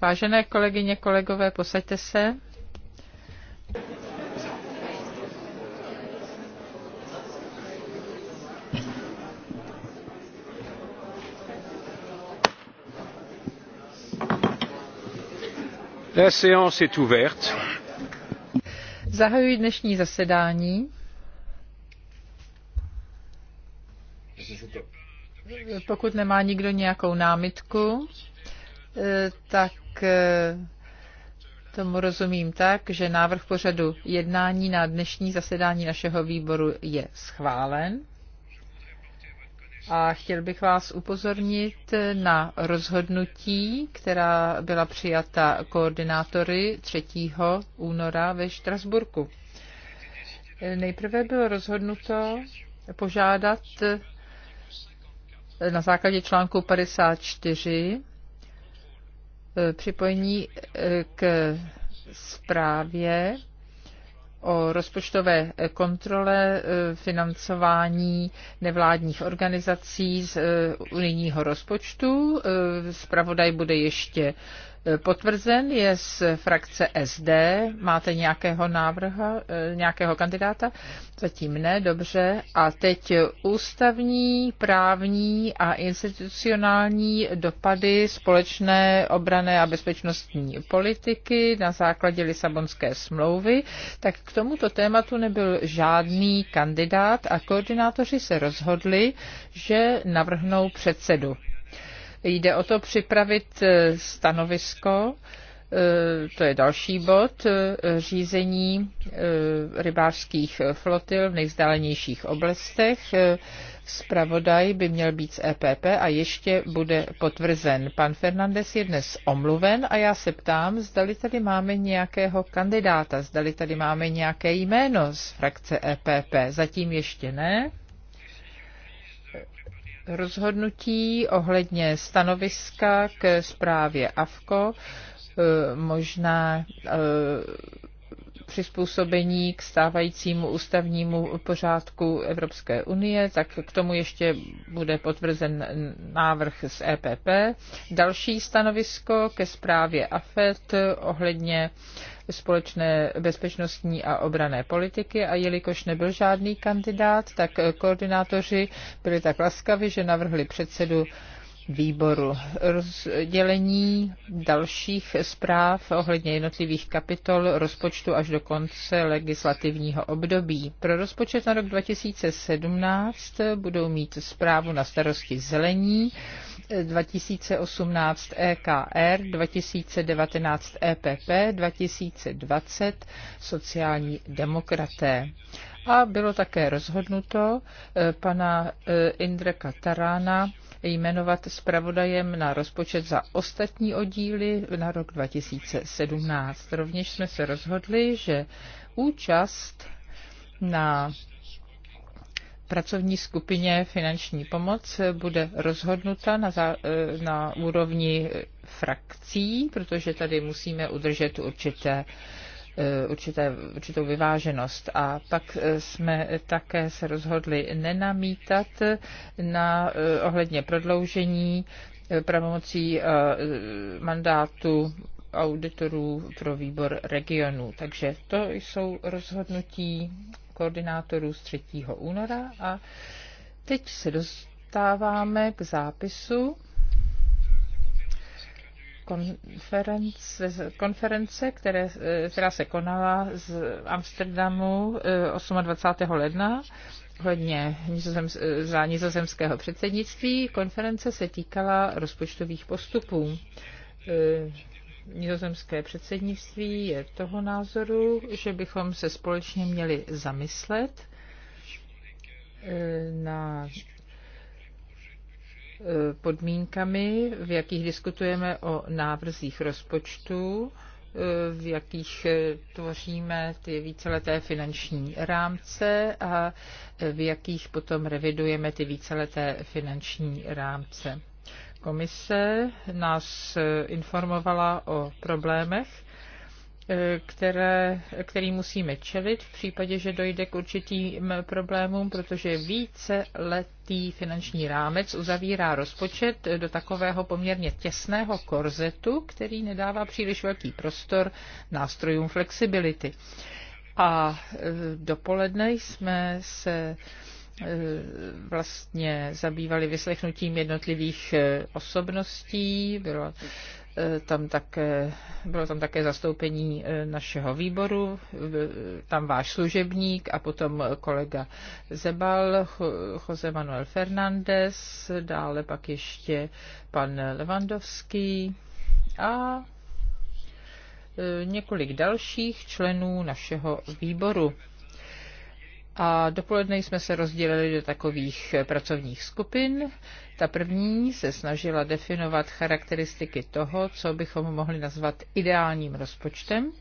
vážené kolegyně, kolegové, posaďte se. La séance est ouverte. Zahajuji dnešní zasedání pokud nemá nikdo nějakou námitku, eh, tak eh, tomu rozumím tak, že návrh pořadu jednání na dnešní zasedání našeho výboru je schválen. A chtěl bych vás upozornit na rozhodnutí, která byla přijata koordinátory 3. února ve Štrasburku. Nejprve bylo rozhodnuto požádat na základě článku 54 e, připojení e, k zprávě o rozpočtové e, kontrole financování nevládních organizací z unijního rozpočtu. Spravodaj bude ještě Eh, potvrzen, je z frakce SD. Máte nějakého návrhu, eh, nějakého kandidáta? Zatím ne, dobře. A teď ústavní, právní a institucionální dopady společné obrané a bezpečnostní politiky na základě Lisabonské smlouvy. Tak k tomuto tématu nebyl žádný kandidát a koordinátoři se rozhodli, že navrhnou předsedu. Jde o to připravit e, stanovisko, e, to je další bod, e, řízení rybářských flotil v nejvzdálenějších oblastech. Spravodaj by měl být z EPP a ještě bude potvrzen. Pan Fernandez je dnes omluven a já se ptám, zdali tady máme nějakého kandidáta, zdali tady máme nějaké jméno z frakce EPP. Zatím ještě ne rozhodnutí ohledně stanoviska k zprávě AFKO, eh, možná eh, přizpůsobení k stávajícímu ústavnímu pořádku Evropské unie, tak k tomu ještě bude potvrzen návrh z EPP. Další stanovisko ke zprávě AFET ohledně společné bezpečnostní a obrané politiky a jelikož nebyl žádný kandidát, tak koordinátoři byli tak laskavi, že navrhli předsedu výboru. Rozdělení dalších zpráv ohledně jednotlivých kapitol rozpočtu až do konce legislativního období. Pro rozpočet na rok 2017 budou mít zprávu na starosti zelení, 2018 EKR, 2019 EPP, 2020 sociální demokraté. A bylo také rozhodnuto eh, pana eh, Indreka Tarána jmenovat zpravodajem na rozpočet za ostatní oddíly na rok 2017. Rovněž jsme se rozhodli, že účast na pracovní skupině finanční pomoc bude rozhodnuta na, za, eh, na úrovni frakcí, protože tady musíme udržet určité Eh, určité, určitou vyváženost. A pak eh, jsme také se rozhodli nenamítat na eh, ohledně prodloužení pravomocí mandátu auditorů pro výbor regionů. Takže to jsou rozhodnutí koordinátorů z 3. února a teď se dostáváme k zápisu konference, konference které, eh, která se konala z Amsterdamu 28. Eh, ledna hodně eh, za nizozemského předsednictví. Konference se týkala rozpočtových postupů. Nizozemské předsednictví je toho názoru, že bychom se společně měli zamyslet na podmínkami, v jakých diskutujeme o návrzích rozpočtu, v jakých tvoříme ty víceleté finanční rámce a v jakých potom revidujeme ty víceleté finanční rámce. Komise nás informovala o problémech, Eh, které, který musíme čelit v případě, že dojde k určitým eh, problémům, protože více letý finanční rámec uzavírá rozpočet eh, do takového poměrně těsného korzetu, který nedává příliš velký prostor nástrojům flexibility. A dopoledne jsme se vlastně zabývali vyslechnutím jednotlivých osobností. Bylo E, tam také, bylo tam také zastoupení e, našeho výboru, tam váš služebník a potom kolega Zebal, Jose Manuel Fernández, dále pak ještě pan Levandovský a e, několik dalších členů našeho výboru a dopoledne jsme se rozdělili do takových pracovních skupin. Ta první se snažila definovat charakteristiky toho, co bychom mohli nazvat ideálním rozpočtem.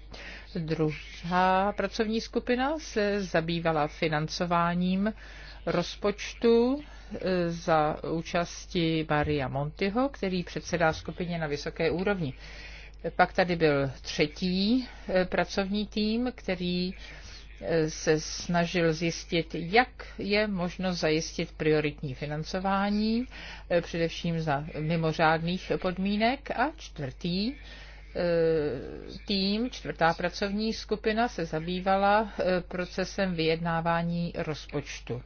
Druhá pracovní skupina se zabývala financováním rozpočtu e, za účasti Maria Montyho, který předsedá skupině na vysoké úrovni. Pak tady byl třetí e, pracovní tým, který se snažil zjistit, jak je možno zajistit prioritní financování, eh, především za mimořádných podmínek. A čtvrtý eh, tým, čtvrtá pracovní skupina se zabývala eh, procesem vyjednávání rozpočtu.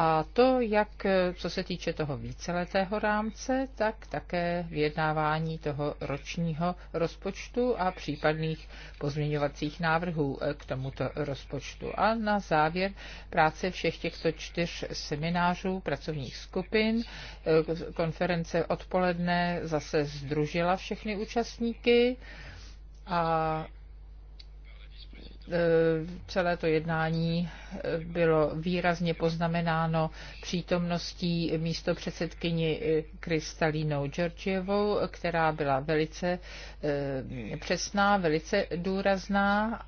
A to, jak eh, co se týče toho víceletého rámce, tak také vyjednávání toho ročního rozpočtu a případných pozměňovacích návrhů eh, k tomuto rozpočtu. A na závěr práce všech těchto čtyř seminářů, pracovních skupin, eh, konference odpoledne zase združila všechny účastníky a celé to jednání eh, bylo výrazně poznamenáno přítomností místo předsedkyni eh, Kristalínou Georgievou, která byla velice eh, přesná, velice důrazná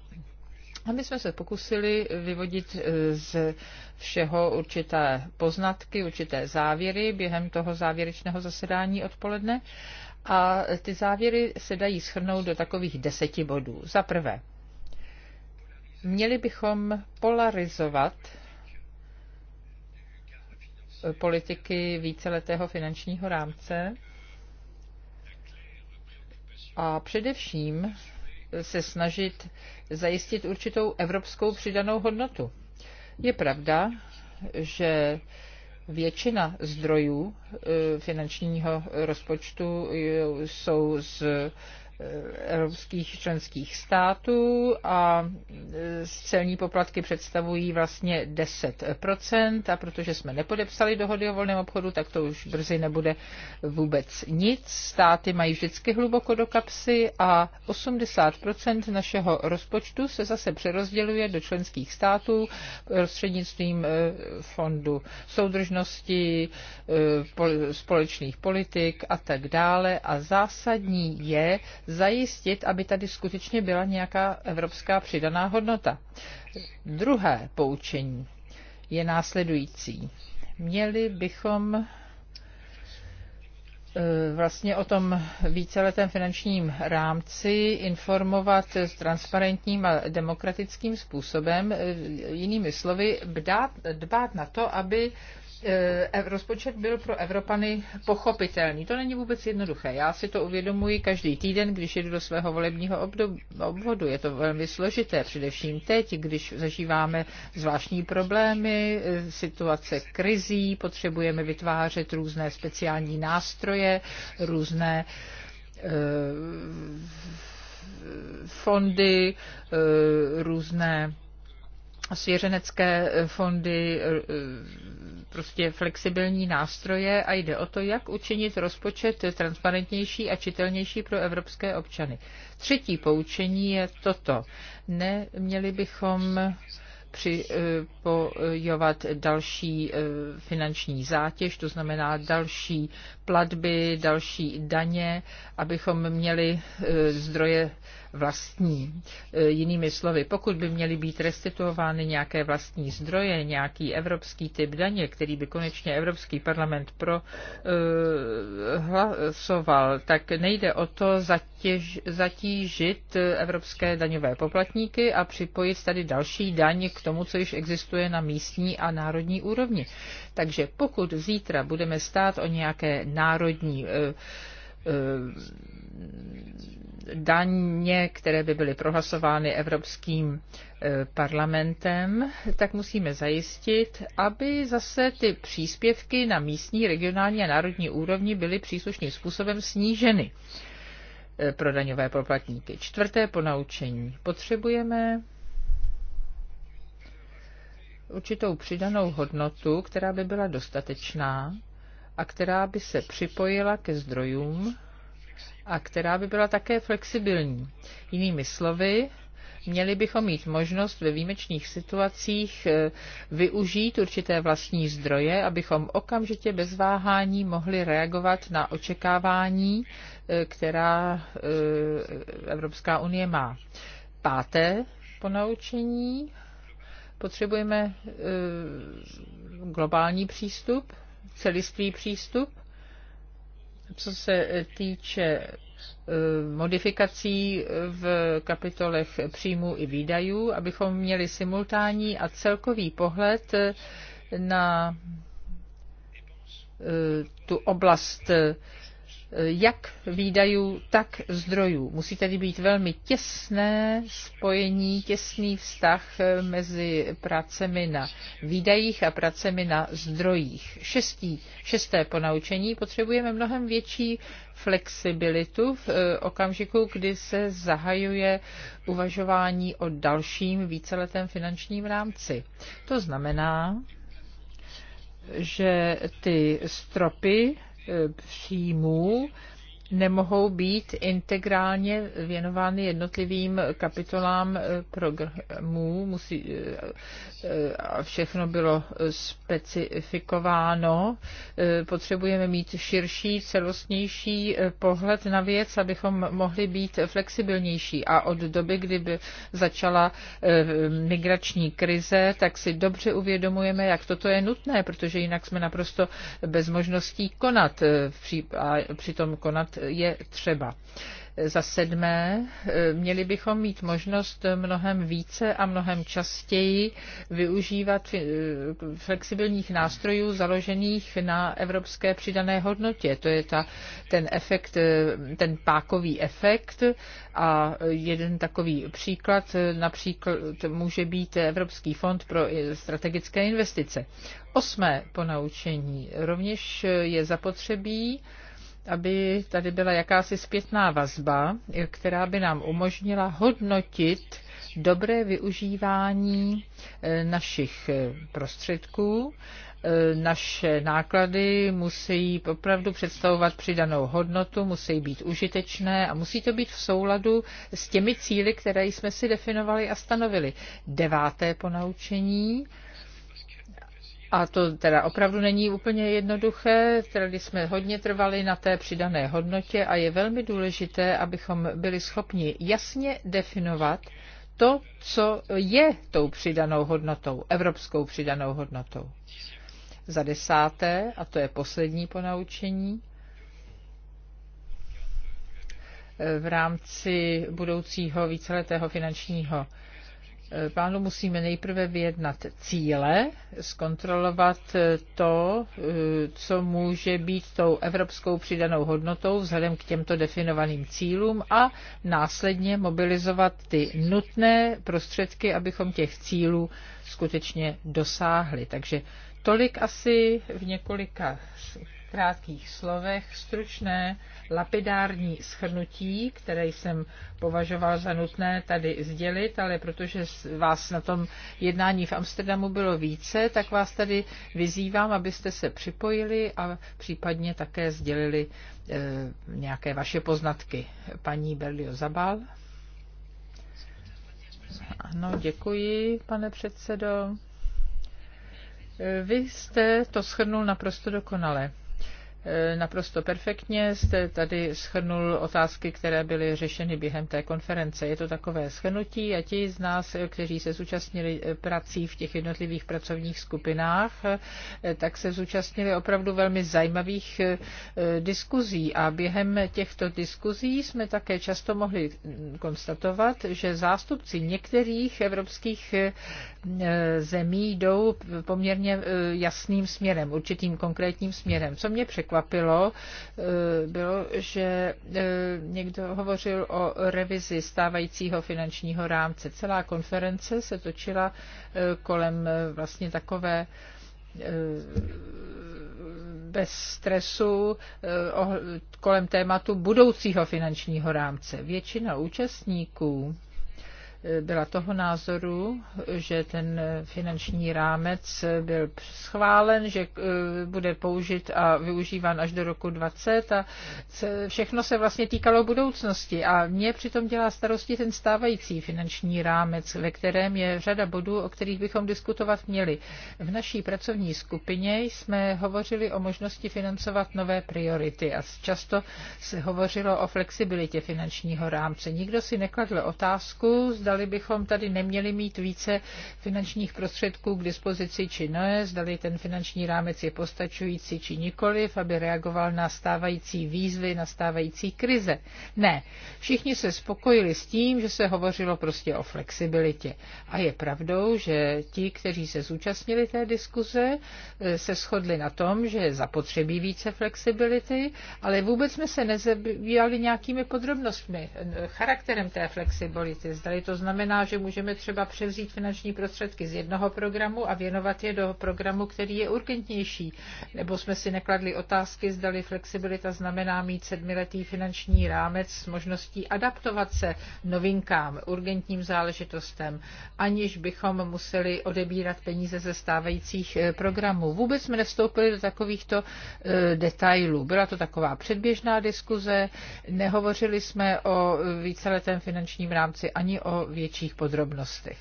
a my jsme se pokusili vyvodit z všeho určité poznatky, určité závěry během toho závěrečného zasedání odpoledne. A ty závěry se dají schrnout do takových deseti bodů. Za prvé, Měli bychom polarizovat politiky víceletého finančního rámce a především se snažit zajistit určitou evropskou přidanou hodnotu. Je pravda, že většina zdrojů eh, finančního rozpočtu eh, jsou z evropských členských států a e, celní poplatky představují vlastně 10% a protože jsme nepodepsali dohody o volném obchodu, tak to už brzy nebude vůbec nic. Státy mají vždycky hluboko do kapsy a 80% našeho rozpočtu se zase přerozděluje do členských států prostřednictvím e, fondu soudržnosti, e, společných politik a tak dále a zásadní je zajistit, aby tady skutečně byla nějaká evropská přidaná hodnota. Druhé poučení je následující. Měli bychom e, vlastně o tom víceletém finančním rámci informovat transparentním a demokratickým způsobem, e, jinými slovy, dbát na to, aby Eh, rozpočet byl pro Evropany pochopitelný. To není vůbec jednoduché. Já si to uvědomuji každý týden, když jedu do svého volebního obvodu. Je to velmi složité, především teď, když zažíváme zvláštní problémy, eh, situace krizí, potřebujeme vytvářet různé speciální nástroje, různé eh, fondy, různé svěřenecké eh, fondy, eh, prostě flexibilní nástroje a jde o to, jak učinit rozpočet transparentnější a čitelnější pro evropské občany. Třetí poučení je toto. Neměli bychom připojovat eh, další finanční zátěž, to znamená další platby, další daně, abychom měli zdroje vlastní. E, jinými slovy, pokud by měly být restituovány nějaké vlastní zdroje, nějaký evropský typ daně, který by konečně Evropský parlament prohlasoval, e, tak nejde o to zatěž, zatížit evropské daňové poplatníky a připojit tady další daň k tomu, co již existuje na místní a národní úrovni. Takže pokud zítra budeme stát o nějaké národní e, daně, které by byly prohlasovány Evropským e, parlamentem, tak musíme zajistit, aby zase ty příspěvky na místní, regionální a národní úrovni byly příslušným způsobem sníženy e, pro daňové poplatníky. Čtvrté ponaučení. Potřebujeme určitou přidanou hodnotu, která by byla dostatečná a která by se připojila ke zdrojům, a která by byla také flexibilní. Jinými slovy, měli bychom mít možnost ve výjimečných situacích eh, využít určité vlastní zdroje, abychom okamžitě bez váhání mohli reagovat na očekávání, eh, která eh, Evropská unie má. Páté ponaučení. Potřebujeme globální přístup, celistvý přístup co se týče eh, modifikací v kapitolech příjmů i výdajů, abychom měli simultánní a celkový pohled eh, na eh, tu oblast jak výdajů, tak zdrojů. Musí tedy být velmi těsné spojení, těsný vztah eh, mezi pracemi na výdajích a pracemi na zdrojích. Šestí, šesté ponaučení potřebujeme mnohem větší flexibilitu v eh, okamžiku, kdy se zahajuje uvažování o dalším víceletém finančním rámci. To znamená, že ty stropy příjmů nemohou být integrálně věnovány jednotlivým kapitolám eh, programů. Musí, eh, eh, všechno bylo specifikováno. Potřebujeme mít širší, celostnější pohled na věc, abychom mohli být flexibilnější. A od doby, by začala migrační krize, tak si dobře uvědomujeme, jak toto je nutné, protože jinak jsme naprosto bez možností konat a přitom konat je třeba. Za sedmé, eh, měli bychom mít možnost mnohem více a mnohem častěji využívat eh, flexibilních nástrojů založených na evropské přidané hodnotě. To je ta, ten efekt, eh, ten pákový efekt a jeden takový příklad například může být Evropský fond pro strategické investice. Osmé ponaučení. Rovněž je zapotřebí aby tady byla jakási zpětná vazba, která by nám umožnila hodnotit dobré využívání eh, našich eh, prostředků. Eh, naše náklady musí opravdu představovat přidanou hodnotu, musí být užitečné a musí to být v souladu s těmi cíly, které jsme si definovali a stanovili. Deváté ponaučení a to teda opravdu není úplně jednoduché, tedy jsme hodně trvali na té přidané hodnotě a je velmi důležité, abychom byli schopni jasně definovat to, co je tou přidanou hodnotou, evropskou přidanou hodnotou. Za desáté, a to je poslední ponaučení, v rámci budoucího víceletého finančního Pánu musíme nejprve vyjednat cíle, zkontrolovat to, co může být tou evropskou přidanou hodnotou vzhledem k těmto definovaným cílům a následně mobilizovat ty nutné prostředky, abychom těch cílů skutečně dosáhli. Takže tolik asi v několika krátkých slovech stručné lapidární schrnutí, které jsem považoval za nutné tady sdělit, ale protože vás na tom jednání v Amsterdamu bylo více, tak vás tady vyzývám, abyste se připojili a případně také sdělili e, nějaké vaše poznatky. Paní Berlio Zabal. Ano, děkuji, pane předsedo. Eh, vy jste to schrnul naprosto dokonale. Eh, naprosto perfektně. Jste tady schrnul otázky, které byly řešeny během té konference. Je to takové schrnutí a ti z nás, eh, kteří se zúčastnili eh, prací v těch jednotlivých pracovních skupinách, tak se zúčastnili opravdu velmi zajímavých diskuzí a během těchto diskuzí jsme také často mohli hm, konstatovat, že zástupci některých evropských zemí jdou poměrně jasným směrem, určitým konkrétním směrem. Co mě překvapilo, překvapilo, eh, bylo, že eh, někdo hovořil o revizi stávajícího finančního rámce. Celá konference se točila eh, kolem vlastně takové bez stresu kolem tématu budoucího finančního rámce. Většina účastníků byla toho názoru, že ten finanční rámec byl schválen, že eh, bude použit a využíván až do roku 20 a všechno se vlastně týkalo budoucnosti a mě přitom dělá starosti ten stávající finanční rámec, ve kterém je řada bodů, o kterých bychom diskutovat měli. V naší pracovní skupině jsme hovořili o možnosti financovat nové priority a často se hovořilo o flexibilitě finančního rámce. Nikdo si nekladl otázku, zda zdali bychom tady neměli mít více finančních prostředků k dispozici či ne, zdali ten finanční rámec je postačující či nikoliv, aby reagoval na stávající výzvy, na stávající krize. Ne, všichni se spokojili s tím, že se hovořilo prostě o flexibilitě. A je pravdou, že ti, kteří se zúčastnili té diskuze, eh, se shodli na tom, že zapotřebí více flexibility, ale vůbec jsme se nezabývali nějakými podrobnostmi, eh, charakterem té flexibility. Zdali to znamená, že můžeme třeba převzít finanční prostředky z jednoho programu a věnovat je do programu, který je urgentnější. Nebo jsme si nekladli otázky, zdali flexibilita znamená mít sedmiletý finanční rámec s možností adaptovat se novinkám, urgentním záležitostem, aniž bychom museli odebírat peníze ze stávajících eh, programů. Vůbec jsme nevstoupili do takovýchto eh, detailů. Byla to taková předběžná diskuze, nehovořili jsme o eh, víceletém finančním rámci ani o větších podrobnostech.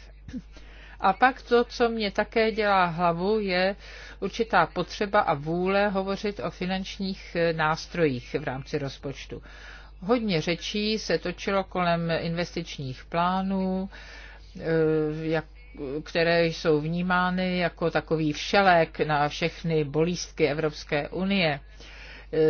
A pak to, co mě také dělá hlavu, je určitá potřeba a vůle hovořit o finančních eh, nástrojích v rámci rozpočtu. Hodně řečí se točilo kolem investičních plánů, eh, které jsou vnímány jako takový všelek na všechny bolístky Evropské unie.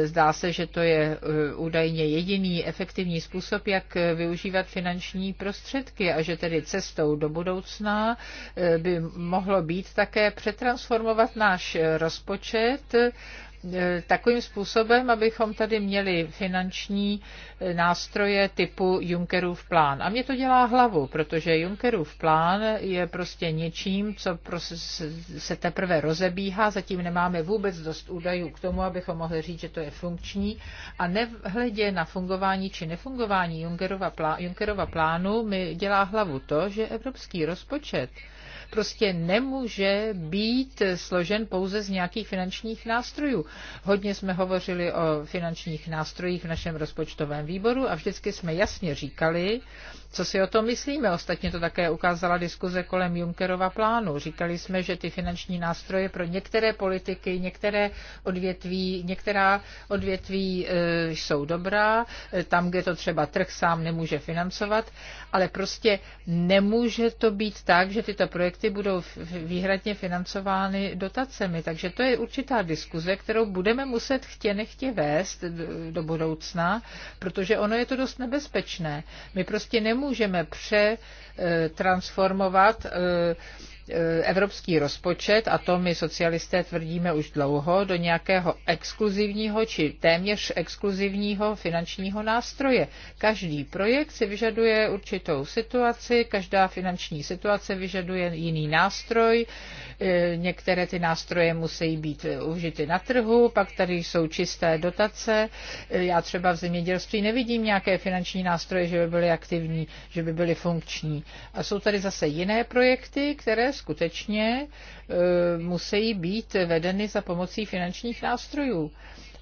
Zdá se, že to je eh, údajně jediný efektivní způsob, jak eh, využívat finanční prostředky a že tedy cestou do budoucna eh, by mohlo být také přetransformovat náš rozpočet E, takovým způsobem, abychom tady měli finanční e, nástroje typu Junckerův plán. A mě to dělá hlavu, protože Junckerův plán je prostě něčím, co prostě se teprve rozebíhá, zatím nemáme vůbec dost údajů k tomu, abychom mohli říct, že to je funkční. A nehledě na fungování či nefungování Junckerova plánu mi dělá hlavu to, že evropský rozpočet prostě nemůže být složen pouze z nějakých finančních nástrojů. Hodně jsme hovořili o finančních nástrojích v našem rozpočtovém výboru a vždycky jsme jasně říkali, co si o tom myslíme. Ostatně to také ukázala diskuze kolem Junckerova plánu. Říkali jsme, že ty finanční nástroje pro některé politiky, některé odvětví, některá odvětví e, jsou dobrá, e, tam, kde to třeba trh sám nemůže financovat, ale prostě nemůže to být tak, že tyto projekty projekty budou výhradně financovány dotacemi. Takže to je určitá diskuze, kterou budeme muset chtě nechtě vést do budoucna, protože ono je to dost nebezpečné. My prostě nemůžeme přetransformovat eh, eh, Eh, evropský rozpočet, a to my socialisté tvrdíme už dlouho, do nějakého exkluzivního či téměř exkluzivního finančního nástroje. Každý projekt si vyžaduje určitou situaci, každá finanční situace vyžaduje jiný nástroj, eh, některé ty nástroje musí být užity na trhu, pak tady jsou čisté dotace. Eh, já třeba v zemědělství nevidím nějaké finanční nástroje, že by byly aktivní, že by byly funkční. A jsou tady zase jiné projekty, které skutečně eh, musí být vedeny za pomocí finančních nástrojů.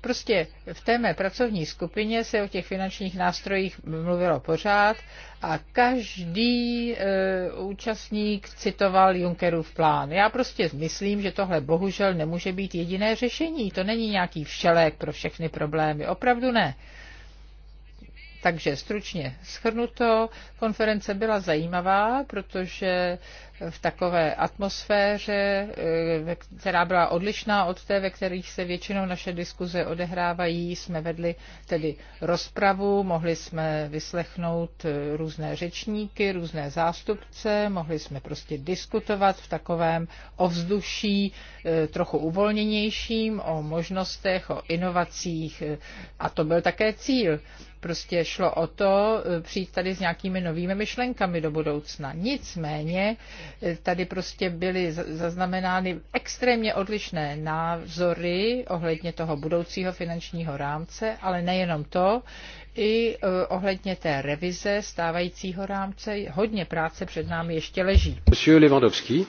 Prostě v té mé pracovní skupině se o těch finančních nástrojích mluvilo pořád a každý e, účastník citoval Junckerův plán. Já prostě myslím, že tohle bohužel nemůže být jediné řešení. To není nějaký všelek pro všechny problémy. Opravdu ne. Takže stručně schrnuto, konference byla zajímavá, protože v takové atmosféře, eh, která byla odlišná od té, ve kterých se většinou naše diskuze odehrávají. Jsme vedli tedy rozpravu, mohli jsme vyslechnout eh, různé řečníky, různé zástupce, mohli jsme prostě diskutovat v takovém ovzduší eh, trochu uvolněnějším o možnostech, o inovacích a to byl také cíl. Prostě šlo o to přijít tady s nějakými novými myšlenkami do budoucna. Nicméně Tady prostě byly zaznamenány extrémně odlišné názory ohledně toho budoucího finančního rámce, ale nejenom to, i eh, ohledně té revize stávajícího rámce. Hodně práce před námi ještě leží. Monsieur Lewandowski.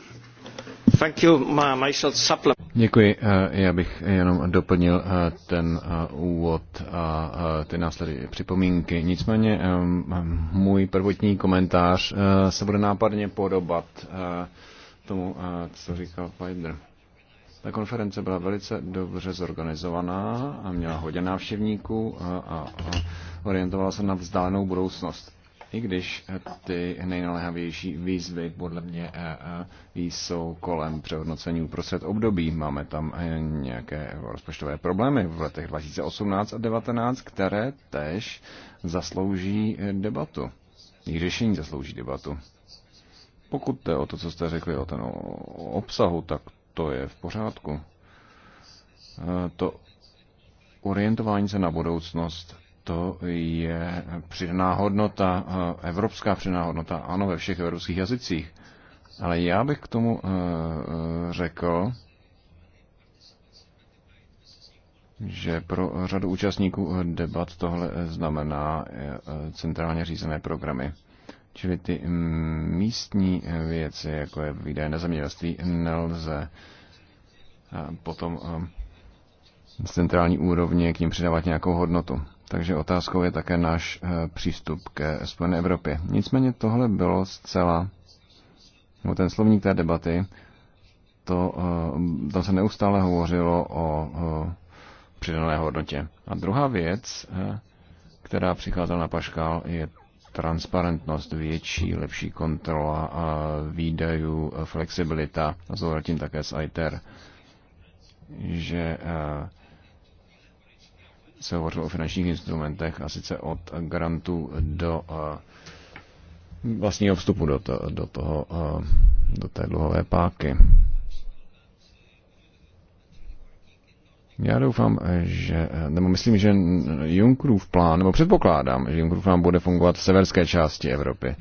Děkuji. Eh, já bych jenom doplnil eh, ten eh, úvod a ty následné připomínky. Nicméně můj prvotní komentář se bude nápadně podobat tomu, co říkal Finder. Ta konference byla velice dobře zorganizovaná a měla hodně návštěvníků a, a orientovala se na vzdálenou budoucnost i když ty nejnaléhavější výzvy podle mě eh, eh, jsou kolem přehodnocení uprostřed období. Máme tam eh, nějaké rozpočtové problémy v letech 2018 a 2019, které tež zaslouží debatu. Jejich řešení zaslouží debatu. Pokud jde o to, co jste řekli o ten obsahu, tak to je v pořádku. To orientování se na budoucnost to je přidaná hodnota, eh, evropská přidaná hodnota, ano, ve všech evropských jazycích. Ale já bych k tomu eh, eh, řekl, že pro řadu účastníků debat tohle znamená centrálně řízené programy. Čili ty místní věci, jako je výdaje na zemědělství, nelze potom z centrální úrovně k ním přidávat nějakou hodnotu. Takže otázkou je také náš eh, přístup ke Spojené Evropě. Nicméně tohle bylo zcela, nebo ten slovník té debaty, to, eh, tam se neustále hovořilo o eh, přidané hodnotě. A druhá věc, která přicházela na Paškal, je transparentnost větší, lepší kontrola a výdajů, flexibilita. A zvolatím také s ITER, že se hovořilo o finančních instrumentech, a sice od grantu do eh, vlastního vstupu do, to, do, toho, eh, do té dluhové páky. Já doufám, že, eh, nebo myslím, že Junckerův plán, nebo předpokládám, že Junckerův plán bude fungovat v severské části Evropy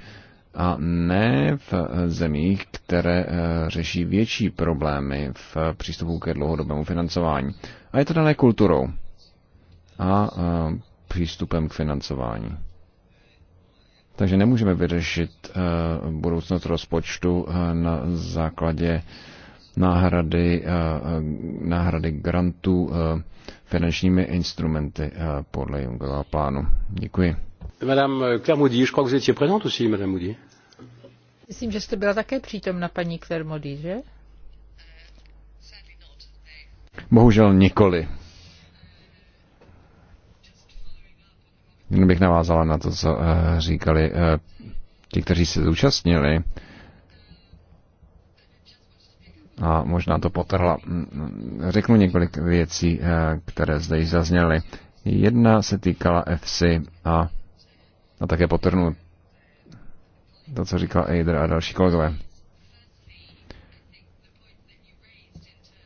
a ne v zemích, které řeší větší problémy v přístupu ke dlouhodobému financování. A je to dané kulturou a přístupem k financování. Takže nemůžeme vyřešit e, budoucnost rozpočtu e, na základě náhrady, e, náhrady grantů finančními instrumenty podle Jungova plánu. Děkuji. Madame Clermody, je crois que vous étiez présente aussi, Madame Moody. Myslím, že jste byla také přítomna paní Claire že? Bohužel nikoli. Jenom bych navázala na to, co eh, říkali eh, ti, kteří se zúčastnili. A možná to potrhla. Mm, mm, řeknu několik věcí, eh, které zde již zazněly. Jedna se týkala FC a, a také potrhnu to, co říkal Eider a další kolegové.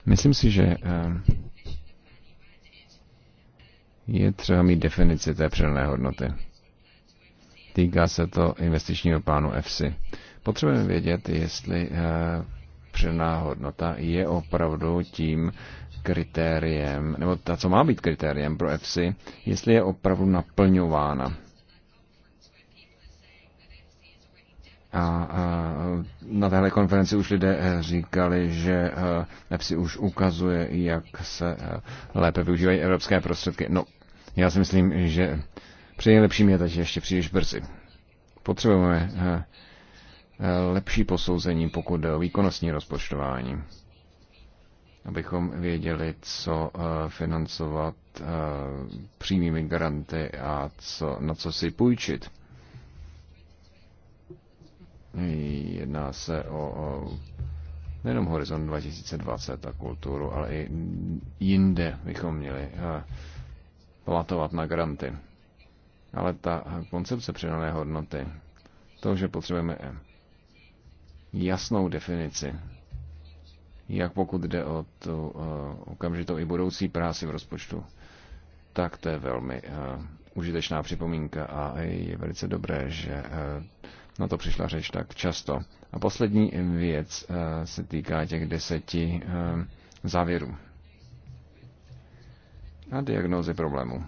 Myslím si, že je třeba mít definici té přidané hodnoty. Týká se to investičního plánu EFSI. Potřebujeme vědět, jestli eh, přidaná hodnota je opravdu tím kritériem, nebo ta, co má být kritériem pro EFSI, jestli je opravdu naplňována. A, a na téhle konferenci už lidé eh, říkali, že EPSI eh, už ukazuje, jak se lépe využívají evropské prostředky. No, já si myslím, že při nejlepším je teď ještě příliš brzy. Potřebujeme eh, eh, lepší posouzení, pokud jde o výkonnostní rozpočtování, abychom věděli, co eh, financovat přímými garanty a co, na co si půjčit. Jedná se o nejenom Horizon 2020 a kulturu, ale i jinde bychom měli platovat na granty. Ale ta koncepce přidané hodnoty, to, že potřebujeme jasnou definici, jak pokud jde o tu uh, okamžitou i budoucí práci v rozpočtu, tak to je velmi uh, užitečná připomínka a je velice dobré, že uh, na to přišla řeč tak často. A poslední věc uh, se týká těch deseti uh, závěrů na diagnózy problému.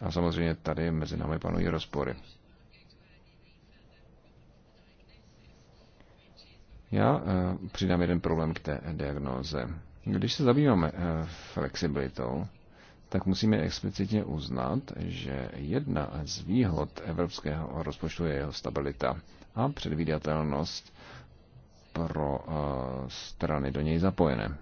A samozřejmě tady mezi námi panují rozpory. Já eh, přidám jeden problém k té diagnóze. Když se zabýváme eh, flexibilitou, tak musíme explicitně uznat, že jedna z výhod evropského rozpočtu je jeho stabilita a předvídatelnost pro eh, strany do něj zapojené.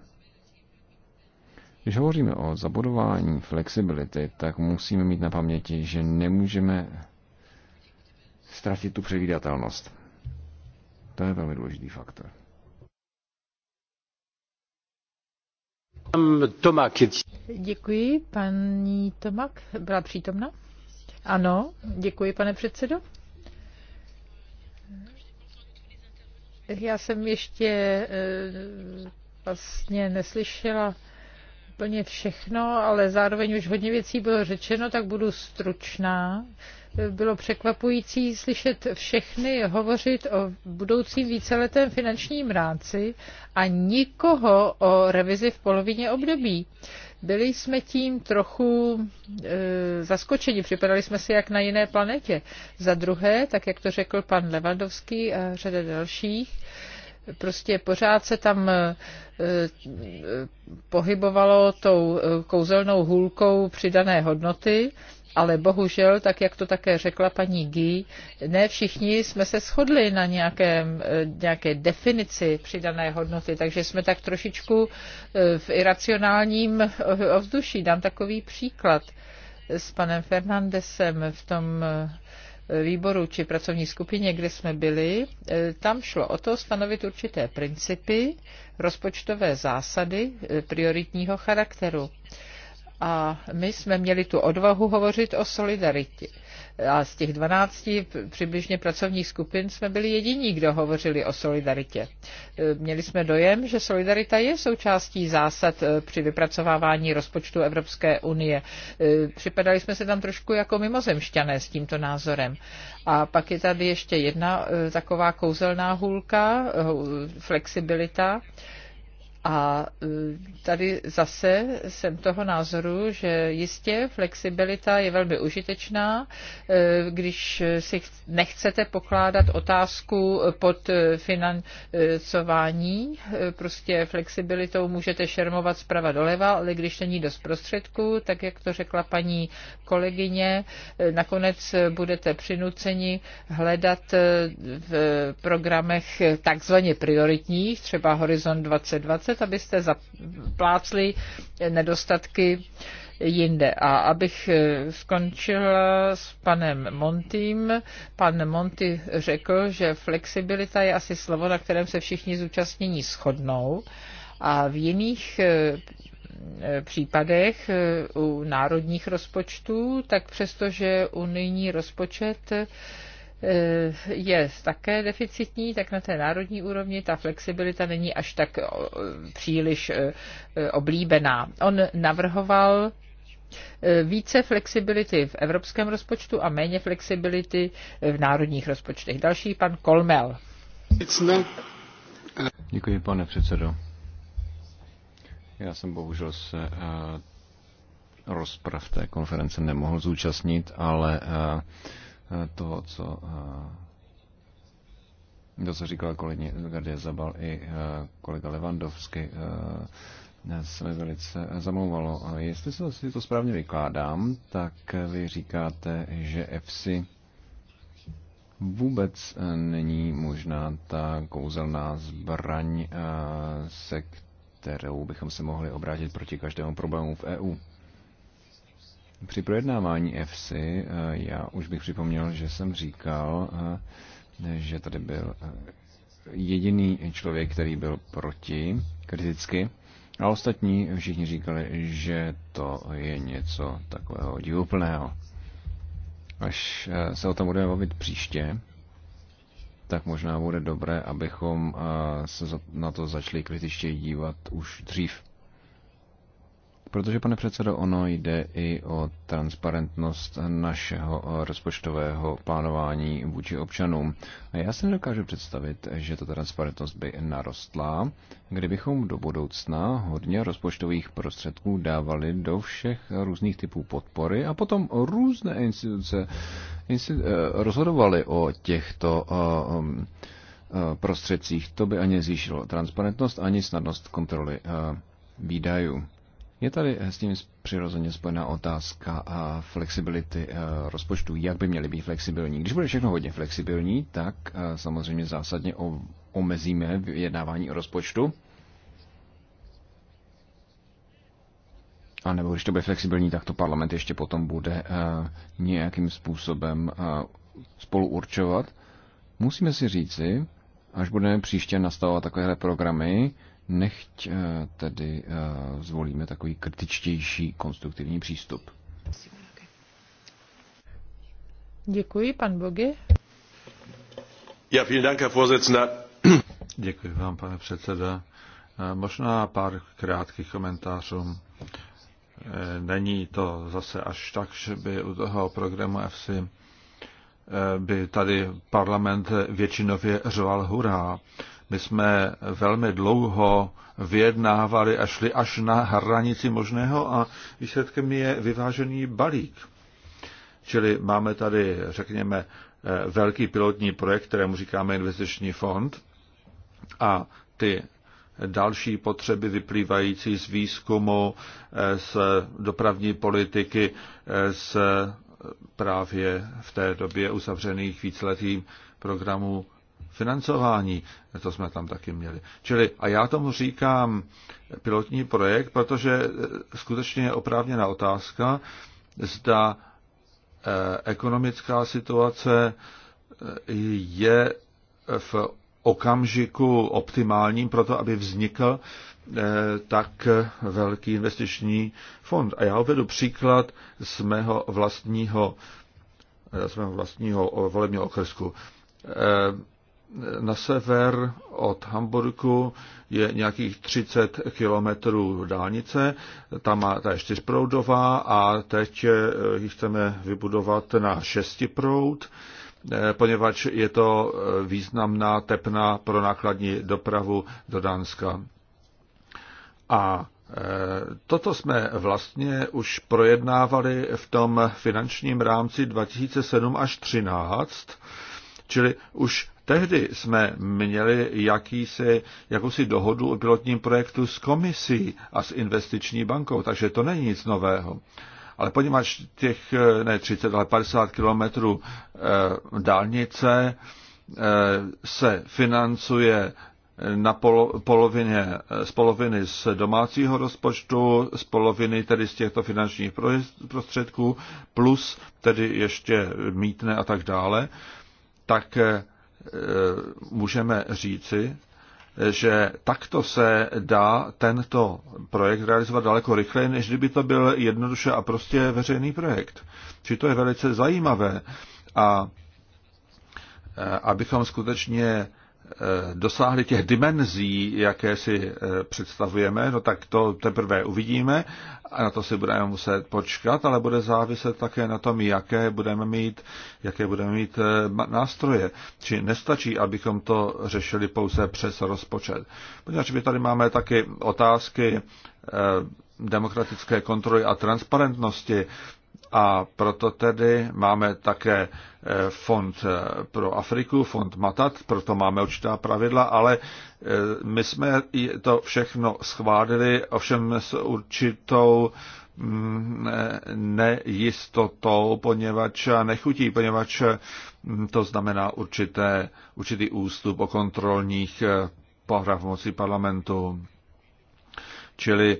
Když hovoříme o zabudování flexibility, tak musíme mít na paměti, že nemůžeme ztratit tu předvídatelnost. To je velmi důležitý faktor. Děkuji, paní Tomak. Byla přítomna? Ano, děkuji, pane předsedo. Já jsem ještě eh, vlastně neslyšela úplně všechno, ale zároveň už hodně věcí bylo řečeno, tak budu stručná. Bylo překvapující slyšet všechny hovořit o budoucím víceletém finančním rámci a nikoho o revizi v polovině období. Byli jsme tím trochu e, zaskočeni, připadali jsme si jak na jiné planetě. Za druhé, tak jak to řekl pan Levandovský a řada dalších, e, Prostě pořád se tam eh, eh, pohybovalo tou eh, kouzelnou hůlkou přidané hodnoty, ale bohužel, tak jak to také řekla paní Gý, ne všichni jsme se shodli na nějakém, nějaké definici přidané hodnoty, takže jsme tak trošičku v iracionálním ovzduší. Dám takový příklad s panem Fernandesem v tom výboru či pracovní skupině, kde jsme byli, e, tam šlo o to stanovit určité principy, rozpočtové zásady e, prioritního charakteru. A my jsme měli tu odvahu hovořit o solidaritě a z těch 12 přibližně pracovních skupin jsme byli jediní, kdo hovořili o solidaritě. E, měli jsme dojem, že solidarita je součástí zásad e, při vypracovávání rozpočtu Evropské unie. E, připadali jsme se tam trošku jako mimozemšťané s tímto názorem. A pak je tady ještě jedna taková kouzelná hůlka, flexibilita a e, tady zase jsem toho názoru, že jistě flexibilita je velmi užitečná, e, když si nechcete pokládat otázku pod financování. E, prostě flexibilitou můžete šermovat zprava doleva, ale když není dost prostředků, tak jak to řekla paní kolegyně, nakonec budete přinuceni hledat v programech takzvaně prioritních, třeba Horizon 2020, rozpočet, abyste zaplácli nedostatky jinde. A abych eh, skončila s panem Montým, Pan Monty řekl, že flexibilita je asi slovo, na kterém se všichni zúčastnění shodnou. A v jiných eh, eh, případech u národních rozpočtů, tak přestože unijní rozpočet je také deficitní, tak na té národní úrovni ta flexibilita není až tak příliš oblíbená. On navrhoval e, více flexibility v evropském rozpočtu a méně flexibility v národních rozpočtech. Další pan Kolmel. Děkuji, pane předsedo. Já jsem bohužel se e, rozprav té konference nemohl zúčastnit, ale uh, toho, co eh, to, co říkala kolegyně Gardia Zabal i eh, kolega Levandovsky, eh, se mi velice zamlouvalo. Jestli se si to správně vykládám, tak vy říkáte, že EFSI vůbec není možná ta kouzelná zbraň, se kterou bychom se mohli obrátit proti každému problému v EU. Při projednávání EFSI eh, já už bych připomněl, že jsem říkal, eh, že tady byl eh, jediný člověk, který byl proti kriticky, a ostatní všichni říkali, že to je něco takového divuplného. Až se o tom budeme bavit příště, tak možná bude dobré, abychom se na to začali kritičtěji dívat už dřív. Protože, pane předsedo, ono jde i o transparentnost našeho eh, rozpočtového plánování vůči občanům. A já si nedokážu představit, že ta transparentnost by narostla, kdybychom do budoucna hodně rozpočtových prostředků dávali do všech různých typů podpory a potom různé instituce institu- eh, rozhodovaly o těchto eh, mm, prostředcích. To by ani zvýšilo transparentnost, ani snadnost kontroly výdajů. Je tady eh, s tím přirozeně spojená otázka a eh, flexibility eh, rozpočtu, jak by měly být flexibilní. Když bude všechno hodně flexibilní, tak samozřejmě zásadně omezíme vyjednávání o rozpočtu. A nebo když to bude flexibilní, tak to parlament ještě potom bude nějakým způsobem spolu určovat. Musíme si říci, až budeme příště nastavovat takovéhle programy, nechť eh, tedy eh, zvolíme takový kritičtější konstruktivní přístup. Děkuji, pan Bogi. Ja, vielen Dank, Herr Vorsitzender. Děkuji vám, pane předseda. Eh, možná pár krátkých komentářů. Není to zase až tak, že by u toho programu FC by tady parlament většinově řval hurá. My jsme velmi dlouho vyjednávali a šli až na hranici možného a výsledkem je vyvážený balík. Čili máme tady, řekněme, eh, velký pilotní projekt, kterému říkáme investiční fond a ty další potřeby vyplývající z výzkumu, eh, z dopravní politiky, eh, z právě v té době uzavřených víceletým programů financování. To jsme tam taky měli. Čili, a já tomu říkám pilotní projekt, protože e, skutečně je oprávněná otázka, zda e, ekonomická situace e, je v okamžiku optimálním pro to, aby vznikl Eh, tak velký investiční fond. A já uvedu příklad z mého vlastního, eh, z mého vlastního volebního okresku. Eh, na sever od Hamburgu je nějakých 30 kilometrů dálnice, tam má, ta je čtyřproudová a teď ji chceme vybudovat na šestiproud poněvadž je to významná tepna pro nákladní dopravu do Dánska. A e, Toto jsme vlastně už projednávali v tom finančním rámci 2007 až 2013, čili už tehdy jsme měli jakýsi, jakousi dohodu o pilotním projektu s komisí a s investiční bankou, takže to není nic nového. Ale poněvadž těch, e, ne 30, ale 50 kilometrů e, dálnice se financuje na polo, polovině, z poloviny z domácího rozpočtu, z poloviny tedy z těchto finančních prostředků, plus tedy ještě mítne a tak dále, tak eh, můžeme říci, že takto se dá tento projekt realizovat daleko rychleji, než kdyby to byl jednoduše a prostě veřejný projekt. Či to je velice zajímavé. A eh, abychom skutečně Eh, dosáhli těch dimenzí, jaké si eh, představujeme, no tak to teprve uvidíme a na to si budeme muset počkat, ale bude záviset také na tom, jaké budeme mít, jaké budeme mít eh, nástroje. Či nestačí, abychom to řešili pouze přes rozpočet. Poněvadž my tady máme taky otázky demokratické kontroly a transparentnosti a proto tedy máme také eh, fond eh, pro Afriku, fond Matat, proto máme určitá pravidla, ale eh, my jsme to všechno schválili, ovšem s určitou mm, nejistotou, poněvadž nechutí, poněvadž mm, to znamená určité, určitý ústup o kontrolních pravomocí parlamentu čili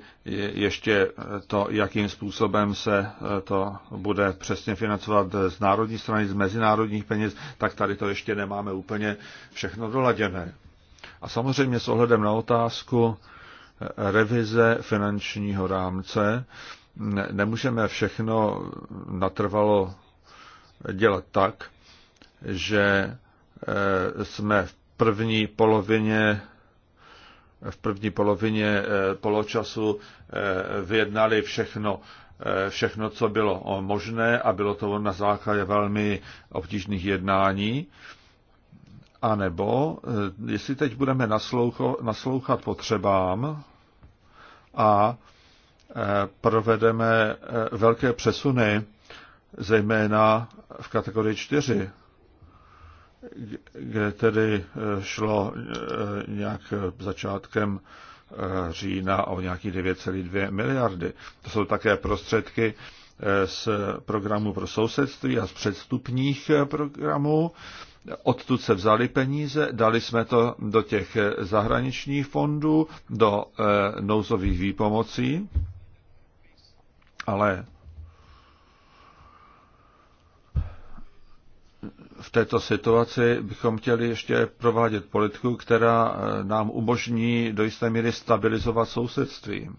ještě to, jakým způsobem se eh, to bude přesně financovat z národní strany, z mezinárodních peněz, tak tady to ještě nemáme úplně všechno doladěné. A samozřejmě s ohledem na otázku eh, revize finančního rámce, nemůžeme všechno natrvalo dělat tak, že eh, jsme v první polovině v první polovině eh, poločasu eh, vyjednali všechno, eh, všechno, co bylo možné a bylo to na základě velmi obtížných jednání. A nebo, jestli teď budeme naslouchat potřebám a provedeme velké přesuny, zejména v kategorii 4, kde tedy eh, šlo eh, nějak eh, začátkem října o nějakých 9,2 miliardy. To jsou také prostředky z programu pro sousedství a z předstupních programů. Odtud se vzali peníze, dali jsme to do těch zahraničních fondů, do nouzových výpomocí, ale v této situaci bychom chtěli ještě provádět politiku, která eh, nám umožní do jisté míry stabilizovat sousedství.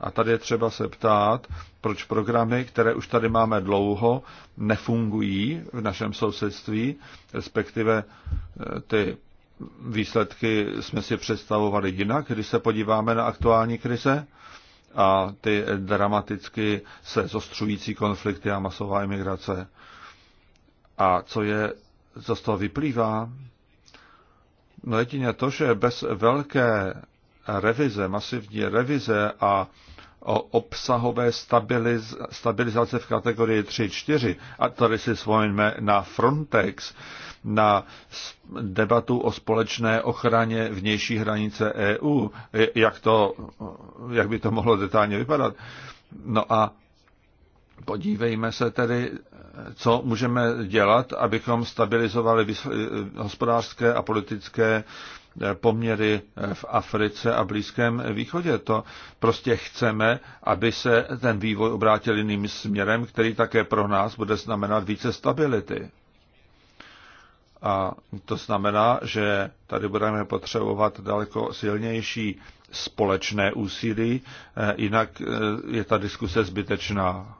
A tady je třeba se ptát, proč programy, které už tady máme dlouho, nefungují v našem sousedství, respektive eh, ty výsledky jsme si představovali jinak, když se podíváme na aktuální krize a ty dramaticky se zostřující konflikty a masová imigrace. A co je, co z toho vyplývá? No jedině to, že bez velké revize, masivní revize a o obsahové stabiliz, stabilizace v kategorii 3-4, a tady si svojíme na Frontex, na debatu o společné ochraně vnější hranice EU, jak, to, jak by to mohlo detailně vypadat. No a podívejme se tedy co můžeme dělat, abychom stabilizovali hospodářské a politické eh, poměry eh, v Africe a Blízkém východě. To prostě chceme, aby se ten vývoj obrátil jiným směrem, který také pro nás bude znamenat více stability. A to znamená, že tady budeme potřebovat daleko silnější společné úsilí, eh, jinak je ta diskuse zbytečná.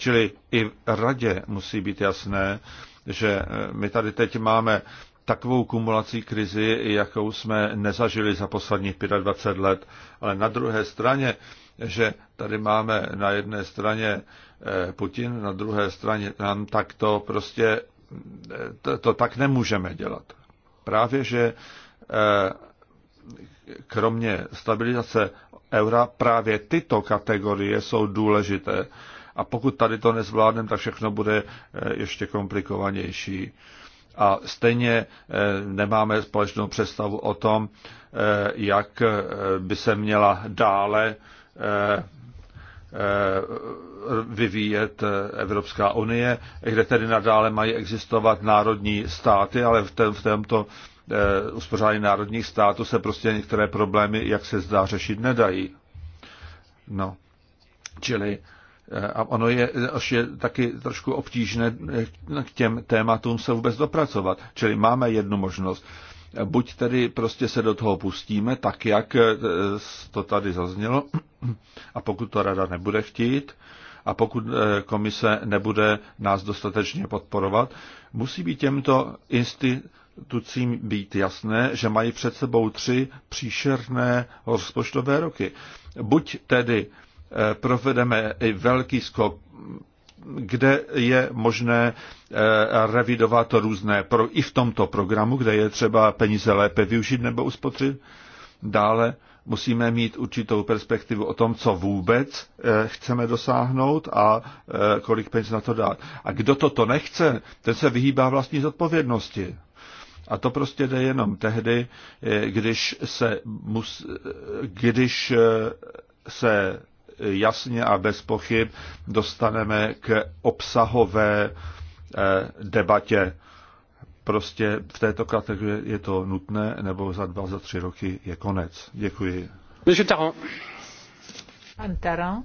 Čili i v radě musí být jasné, že eh, my tady teď máme takovou kumulací krizi, jakou jsme nezažili za posledních 25 let, ale na druhé straně, že tady máme na jedné straně eh, Putin, na druhé straně tam, tak to prostě eh, to, to tak nemůžeme dělat. Právě, že kromě stabilizace eura právě tyto kategorie jsou důležité a pokud tady to nezvládneme, tak všechno bude eh, ještě komplikovanější. A stejně eh, nemáme společnou představu o tom, eh, jak by se měla dále vyvíjet Evropská unie, kde tedy nadále mají existovat národní státy, ale v, tém, v tomto uspořádání národních států se prostě některé problémy, jak se zdá, řešit nedají. No, čili Eh, a ono je, eh, až je taky trošku obtížné eh, k těm tématům se vůbec dopracovat. Čili máme jednu možnost. Buď tedy prostě se do toho pustíme, tak jak to tady zaznělo, a pokud to rada nebude chtít, a pokud komise nebude nás dostatečně podporovat, musí být těmto institucím být jasné, že mají před sebou tři příšerné rozpočtové roky. Buď tedy Eh, provedeme i velký skok, kde je možné eh, revidovat různé pro, i v tomto programu, kde je třeba peníze lépe využít nebo uspotřit. Dále musíme mít určitou perspektivu o tom, co vůbec eh, chceme dosáhnout a kolik peněz na to dát. A kdo toto nechce, ten se vyhýbá vlastní zodpovědnosti. A to prostě jde jenom tehdy, když se, mus, když se jasně a bez pochyb dostaneme k obsahové eh, debatě. Prostě v této kategorii je to nutné, nebo za dva, za tři roky je konec. Děkuji. Monsieur Taran.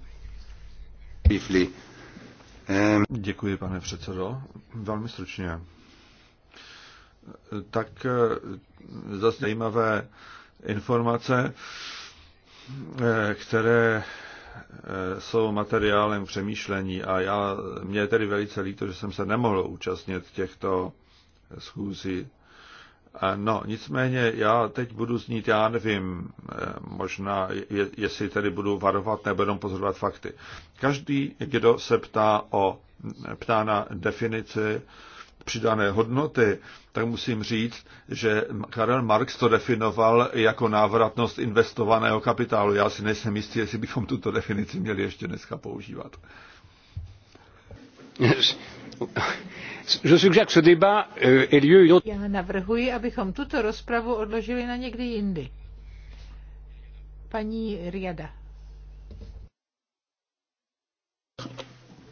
Pan Děkuji, pane předsedo. Velmi stručně. Tak eh, zase zajímavé informace, eh, které Eh, jsou materiálem přemýšlení a já, mě je tedy velice líto, že jsem se nemohl účastnit těchto schůzí. Eh, no, nicméně já teď budu znít, já nevím, eh, možná, je, jestli tedy budu varovat nebo jenom pozorovat fakty. Každý, kdo se ptá, o, ptá na definici přidané hodnoty, tak musím říct, že Karel Marx to definoval jako návratnost investovaného kapitálu. Já si nejsem jistý, jestli bychom tuto definici měli ještě dneska používat. Euh, Já navrhuji, abychom tuto rozpravu odložili na někdy jindy. Paní Riada.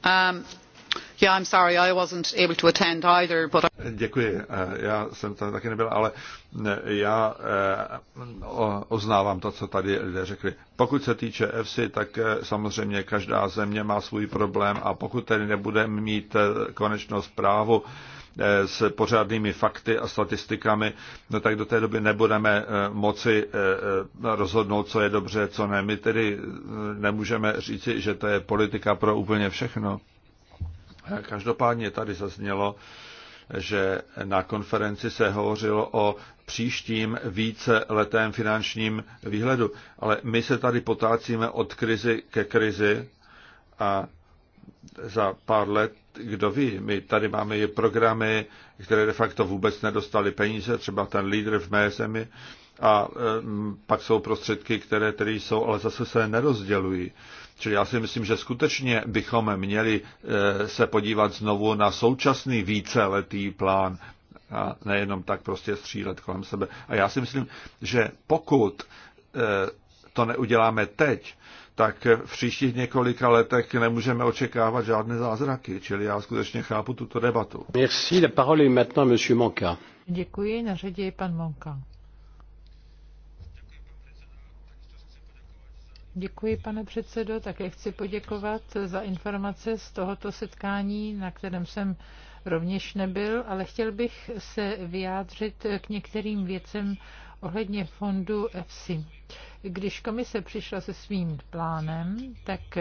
Um, Děkuji, eh, já jsem tam taky nebyl, ale eh, já eh, oznávám to, co tady lidé řekli. Pokud se týče EFSI, tak samozřejmě každá země má svůj problém a pokud tedy nebudeme mít konečnou zprávu, s pořádnými fakty a statistikami, no tak do té doby nebudeme moci rozhodnout, co je dobře, co ne. My tedy nemůžeme říci, že to je politika pro úplně všechno. Každopádně tady zaznělo, že na konferenci se hovořilo o příštím více letém finančním výhledu, ale my se tady potácíme od krizi ke krizi a za pár let, kdo ví, my tady máme i programy, které de facto vůbec nedostali peníze, třeba ten lídr v mé zemi, a e, pak jsou prostředky, které tedy jsou, ale zase se nerozdělují. Čili já si myslím, že skutečně bychom měli eh, se podívat znovu na současný víceletý plán a nejenom tak prostě střílet kolem sebe. A já si myslím, že pokud eh, to neuděláme teď, tak v příštích několika letech nemůžeme očekávat žádné zázraky. Čili já skutečně chápu tuto debatu. Merci, la parole est maintenant monsieur Děkuji, na řadě je pan Monka. Děkuji, pane předsedo. Také chci poděkovat za informace z tohoto setkání, na kterém jsem rovněž nebyl, ale chtěl bych se vyjádřit k některým věcem ohledně fondu EFSI. Když komise přišla se svým plánem, tak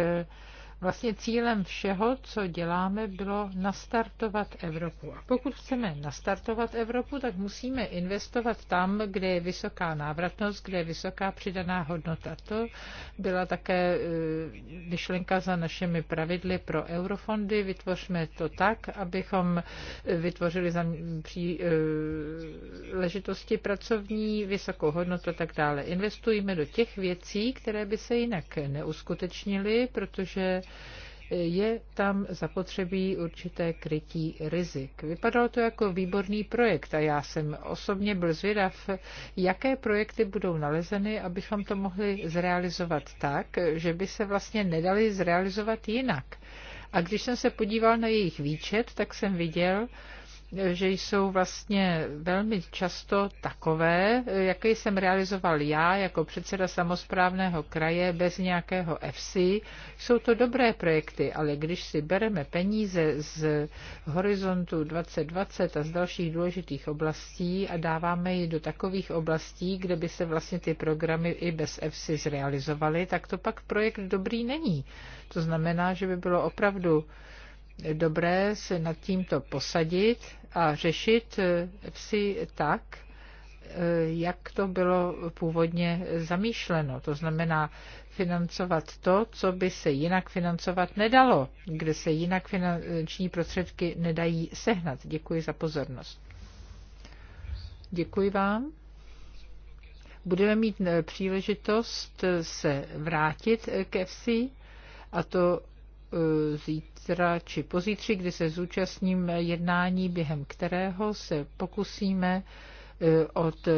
Vlastně cílem všeho, co děláme, bylo nastartovat Evropu. A pokud chceme nastartovat Evropu, tak musíme investovat tam, kde je vysoká návratnost, kde je vysoká přidaná hodnota. To byla také eh, myšlenka za našimi pravidly pro eurofondy. Vytvořme to tak, abychom vytvořili za příležitosti pracovní, vysokou hodnotu a tak dále. Investujeme do těch věcí, které by se jinak neuskutečnily, protože je tam zapotřebí určité krytí rizik. Vypadalo to jako výborný projekt a já jsem osobně byl zvědav, jaké projekty budou nalezeny, abychom to mohli zrealizovat tak, že by se vlastně nedali zrealizovat jinak. A když jsem se podíval na jejich výčet, tak jsem viděl, že jsou vlastně velmi často takové, jaké jsem realizoval já jako předseda samozprávného kraje bez nějakého FC. Jsou to dobré projekty, ale když si bereme peníze z horizontu 2020 a z dalších důležitých oblastí a dáváme ji do takových oblastí, kde by se vlastně ty programy i bez FC zrealizovaly, tak to pak projekt dobrý není. To znamená, že by bylo opravdu dobré se nad tímto posadit a řešit psy eh, tak, eh, jak to bylo původně zamýšleno. To znamená financovat to, co by se jinak financovat nedalo, kde se jinak finanční prostředky nedají sehnat. Děkuji za pozornost. Děkuji vám. Budeme mít eh, příležitost se vrátit k EFSI a to zítra či pozítří, kdy se zúčastním jednání, během kterého se pokusíme eh, od eh,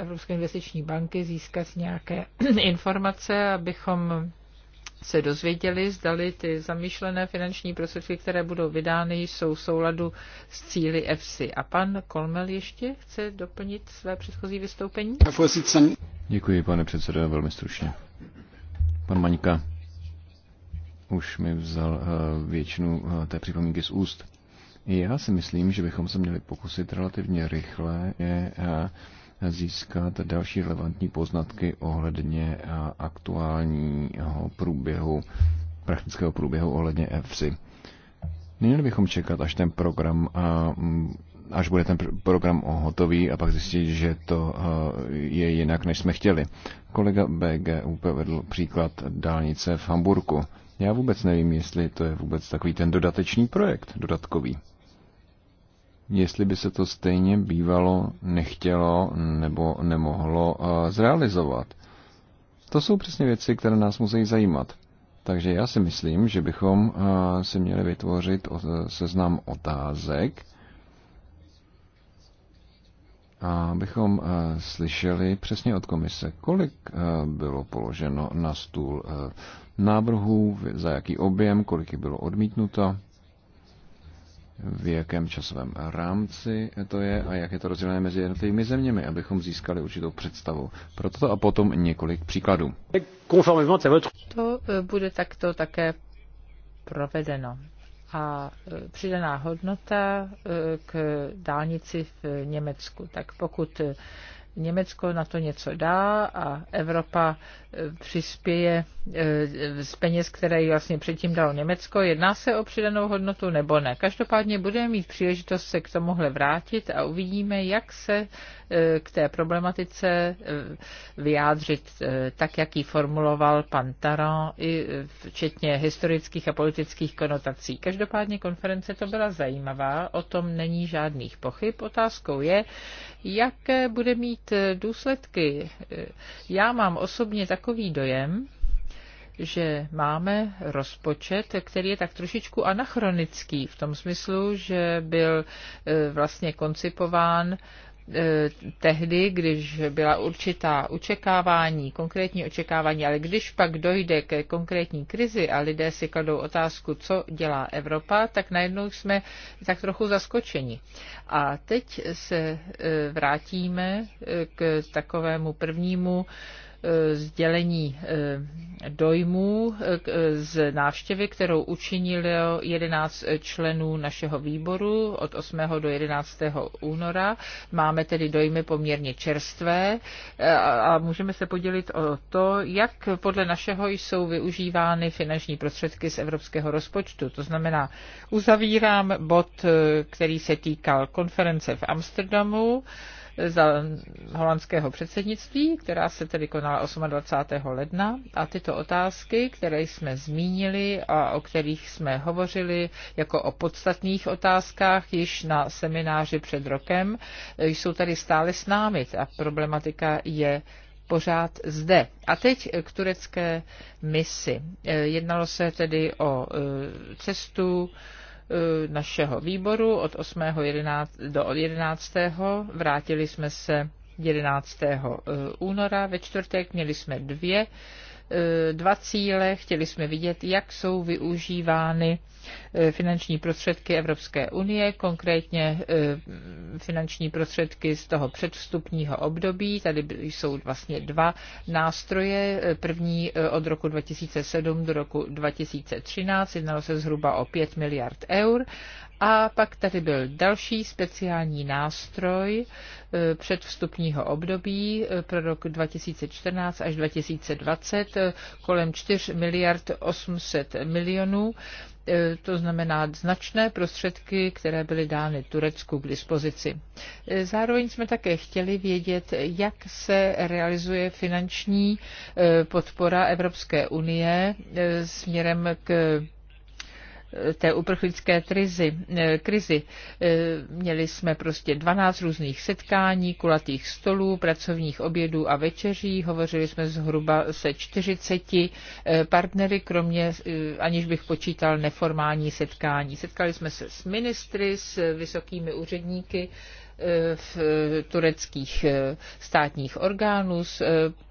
Evropské investiční banky získat nějaké informace, abychom se dozvěděli, zdali ty zamýšlené finanční prostředky, které budou vydány, jsou v souladu s cíly EFSI. A pan Kolmel ještě chce doplnit své předchozí vystoupení? Děkuji, pane předsedo, velmi stručně. Pan Maňka už mi vzal eh, většinu eh, té připomínky z úst. Já si myslím, že bychom se měli pokusit relativně rychle je eh, získat další relevantní poznatky ohledně aktuálního průběhu, praktického průběhu ohledně EFSI. Měli bychom čekat, až ten program až bude ten program hotový a pak zjistit, že to je jinak, než jsme chtěli. Kolega BG uvedl příklad dálnice v Hamburgu. Já vůbec nevím, jestli to je vůbec takový ten dodatečný projekt, dodatkový. Jestli by se to stejně bývalo, nechtělo nebo nemohlo eh, zrealizovat. To jsou přesně věci, které nás musí zajímat. Takže já si myslím, že bychom eh, si měli vytvořit seznam otázek, abychom eh, slyšeli přesně od komise, kolik bylo položeno na stůl návrhů, za jaký objem, kolik bylo odmítnuto, v jakém časovém rámci to je a jak je to rozdělené mezi jednotlivými zeměmi, abychom získali určitou představu. Proto a potom několik příkladů. To eh, bude takto také provedeno. A eh, přidaná hodnota eh, k dálnici v Německu. Tak pokud Německo na to něco dá a Evropa e, přispěje e, z peněz, které vlastně předtím dalo Německo. Jedná se o přidanou hodnotu nebo ne? Každopádně budeme mít příležitost se k tomuhle vrátit a uvidíme, jak se k té problematice e, vyjádřit e, tak, jak ji formuloval pan Taran, i včetně historických a politických konotací. Každopádně konference to byla zajímavá, o tom není žádných pochyb. Otázkou je, jaké bude mít důsledky. E, já mám osobně takový dojem, že máme rozpočet, který je tak trošičku anachronický v tom smyslu, že byl vlastně koncipován E, tehdy, když byla určitá očekávání, konkrétní očekávání, ale když pak dojde ke konkrétní krizi a lidé si kladou otázku, co dělá Evropa, tak najednou jsme tak trochu zaskočeni. A teď se e, vrátíme e, k takovému prvnímu sdělení eh, dojmů eh, eh, z návštěvy, kterou učinili 11 členů našeho výboru od 8. do 11. února. Máme tedy dojmy poměrně čerstvé a můžeme se podělit o to, jak podle našeho jsou využívány finanční prostředky z evropského rozpočtu. To znamená, uzavírám bod, který se týkal konference v Amsterdamu za holandského předsednictví, která se tedy konala 28. ledna. A tyto otázky, které jsme zmínili a o kterých jsme hovořili jako o podstatných otázkách již na semináři před rokem, jsou tady stále s námi. A problematika je pořád zde. A teď k turecké misi. Jednalo se tedy o e, cestu, Eh, našeho výboru od 8. 11, do 11. Vrátili jsme se 11. Eh, února ve čtvrtek, měli jsme dvě Eh, dva cíle. Chtěli jsme vidět, jak jsou využívány eh, finanční prostředky Evropské unie, konkrétně eh, finanční prostředky z toho předvstupního období. Tady jsou vlastně dva nástroje. První od roku 2007 do roku 2013 jednalo se zhruba o 5 miliard eur a pak tady byl další speciální nástroj eh, předvstupního období eh, pro rok 2014 až 2020 eh, kolem 4 miliard 800 milionů to znamená značné prostředky, které byly dány Turecku k dispozici. Zároveň jsme také chtěli vědět, jak se realizuje finanční podpora Evropské unie směrem k té uprchlické eh, krizi, krizi. Eh, měli jsme prostě 12 různých setkání, kulatých stolů, pracovních obědů a večeří. Hovořili jsme zhruba se 40 eh, partnery, kromě, aniž bych počítal neformální setkání. Setkali jsme se s ministry, s vysokými úředníky, v tureckých státních orgánů, s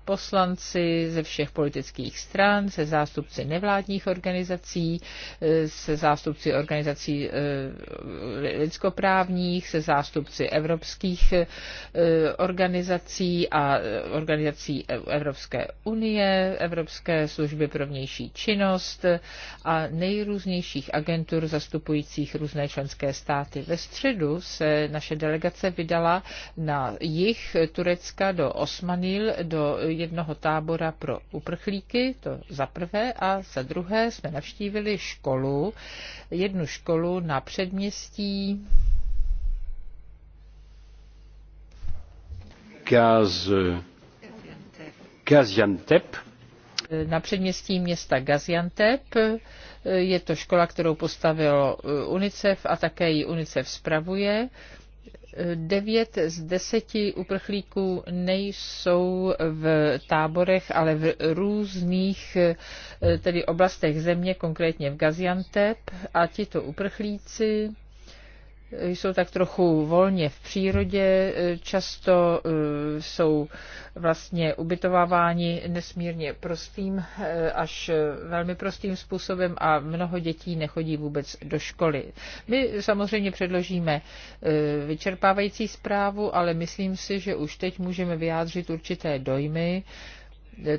poslanci ze všech politických stran, se zástupci nevládních organizací, eh, se zástupci organizací eh, lidskoprávních, se zástupci evropských eh, organizací a organizací Evropské unie, Evropské služby pro vnější činnost a nejrůznějších agentur zastupujících různé členské státy. Ve středu se naše delegace vydala na jih Turecka do Osmanil, do jednoho tábora pro uprchlíky, to za prvé, a za druhé jsme navštívili školu, jednu školu na předměstí Gaz, Gaziantep. Na předměstí města Gaziantep je to škola, kterou postavilo eh, UNICEF a také ji UNICEF spravuje. Devět z deseti uprchlíků nejsou v táborech, ale v různých eh, tedy oblastech země, konkrétně v Gaziantep. A tito uprchlíci jsou tak trochu volně v přírodě, eh, často eh, jsou vlastně ubytováváni nesmírně prostým, eh, až velmi prostým způsobem a mnoho dětí nechodí vůbec do školy. My samozřejmě předložíme vyčerpávající zprávu, ale myslím si, že už teď můžeme vyjádřit určité dojmy,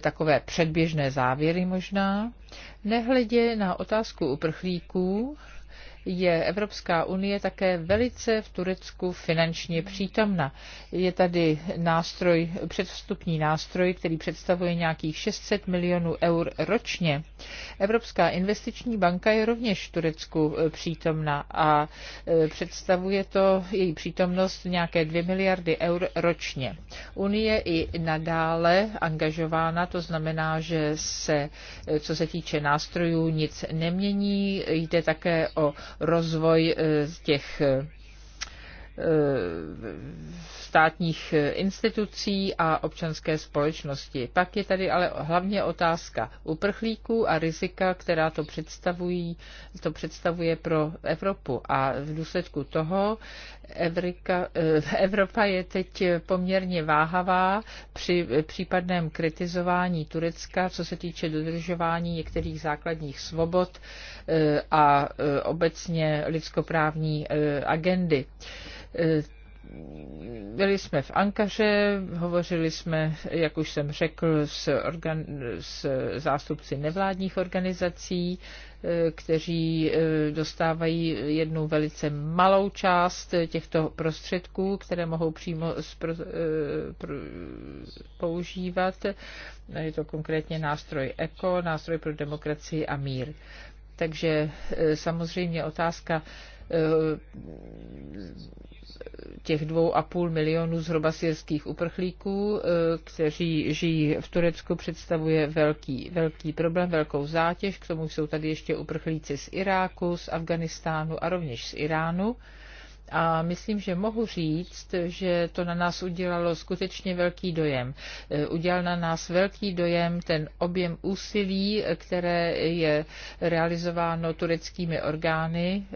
takové předběžné závěry možná, nehledě na otázku uprchlíků, je Evropská unie také velice v Turecku finančně přítomna. Je tady nástroj, předvstupní nástroj, který představuje nějakých 600 milionů eur ročně. Evropská investiční banka je rovněž v Turecku e, přítomna a e, představuje to její přítomnost nějaké 2 miliardy eur ročně. Unie i nadále angažována, to znamená, že se, e, co se týče nástrojů, nic nemění. Jde také o rozvoj eh, těch eh, Eh, státních institucí a občanské společnosti. Pak je tady ale hlavně otázka uprchlíků a rizika, která to, představují, to představuje pro Evropu. A v důsledku toho Evrika, eh, Evropa je teď poměrně váhavá při případném kritizování Turecka, co se týče dodržování některých základních svobod eh, a obecně lidskoprávní agendy. Eh, byli jsme v Ankaře, hovořili jsme, jak už jsem řekl, s, organ, s zástupci nevládních organizací, eh, kteří eh, dostávají jednu velice malou část těchto prostředků, které mohou přímo spro, pro, používat. Je to konkrétně nástroj ECO, nástroj pro demokracii a mír. Takže samozřejmě otázka Eh, těch dvou a půl milionů zhruba syrských uprchlíků, eh, kteří žijí v Turecku, představuje velký, velký problém, velkou zátěž. K tomu jsou tady ještě uprchlíci z Iráku, z Afganistánu a rovněž z Iránu. A myslím, že mohu říct, že to na nás udělalo skutečně velký dojem. Eh, udělal na nás velký dojem ten objem úsilí, které je realizováno tureckými orgány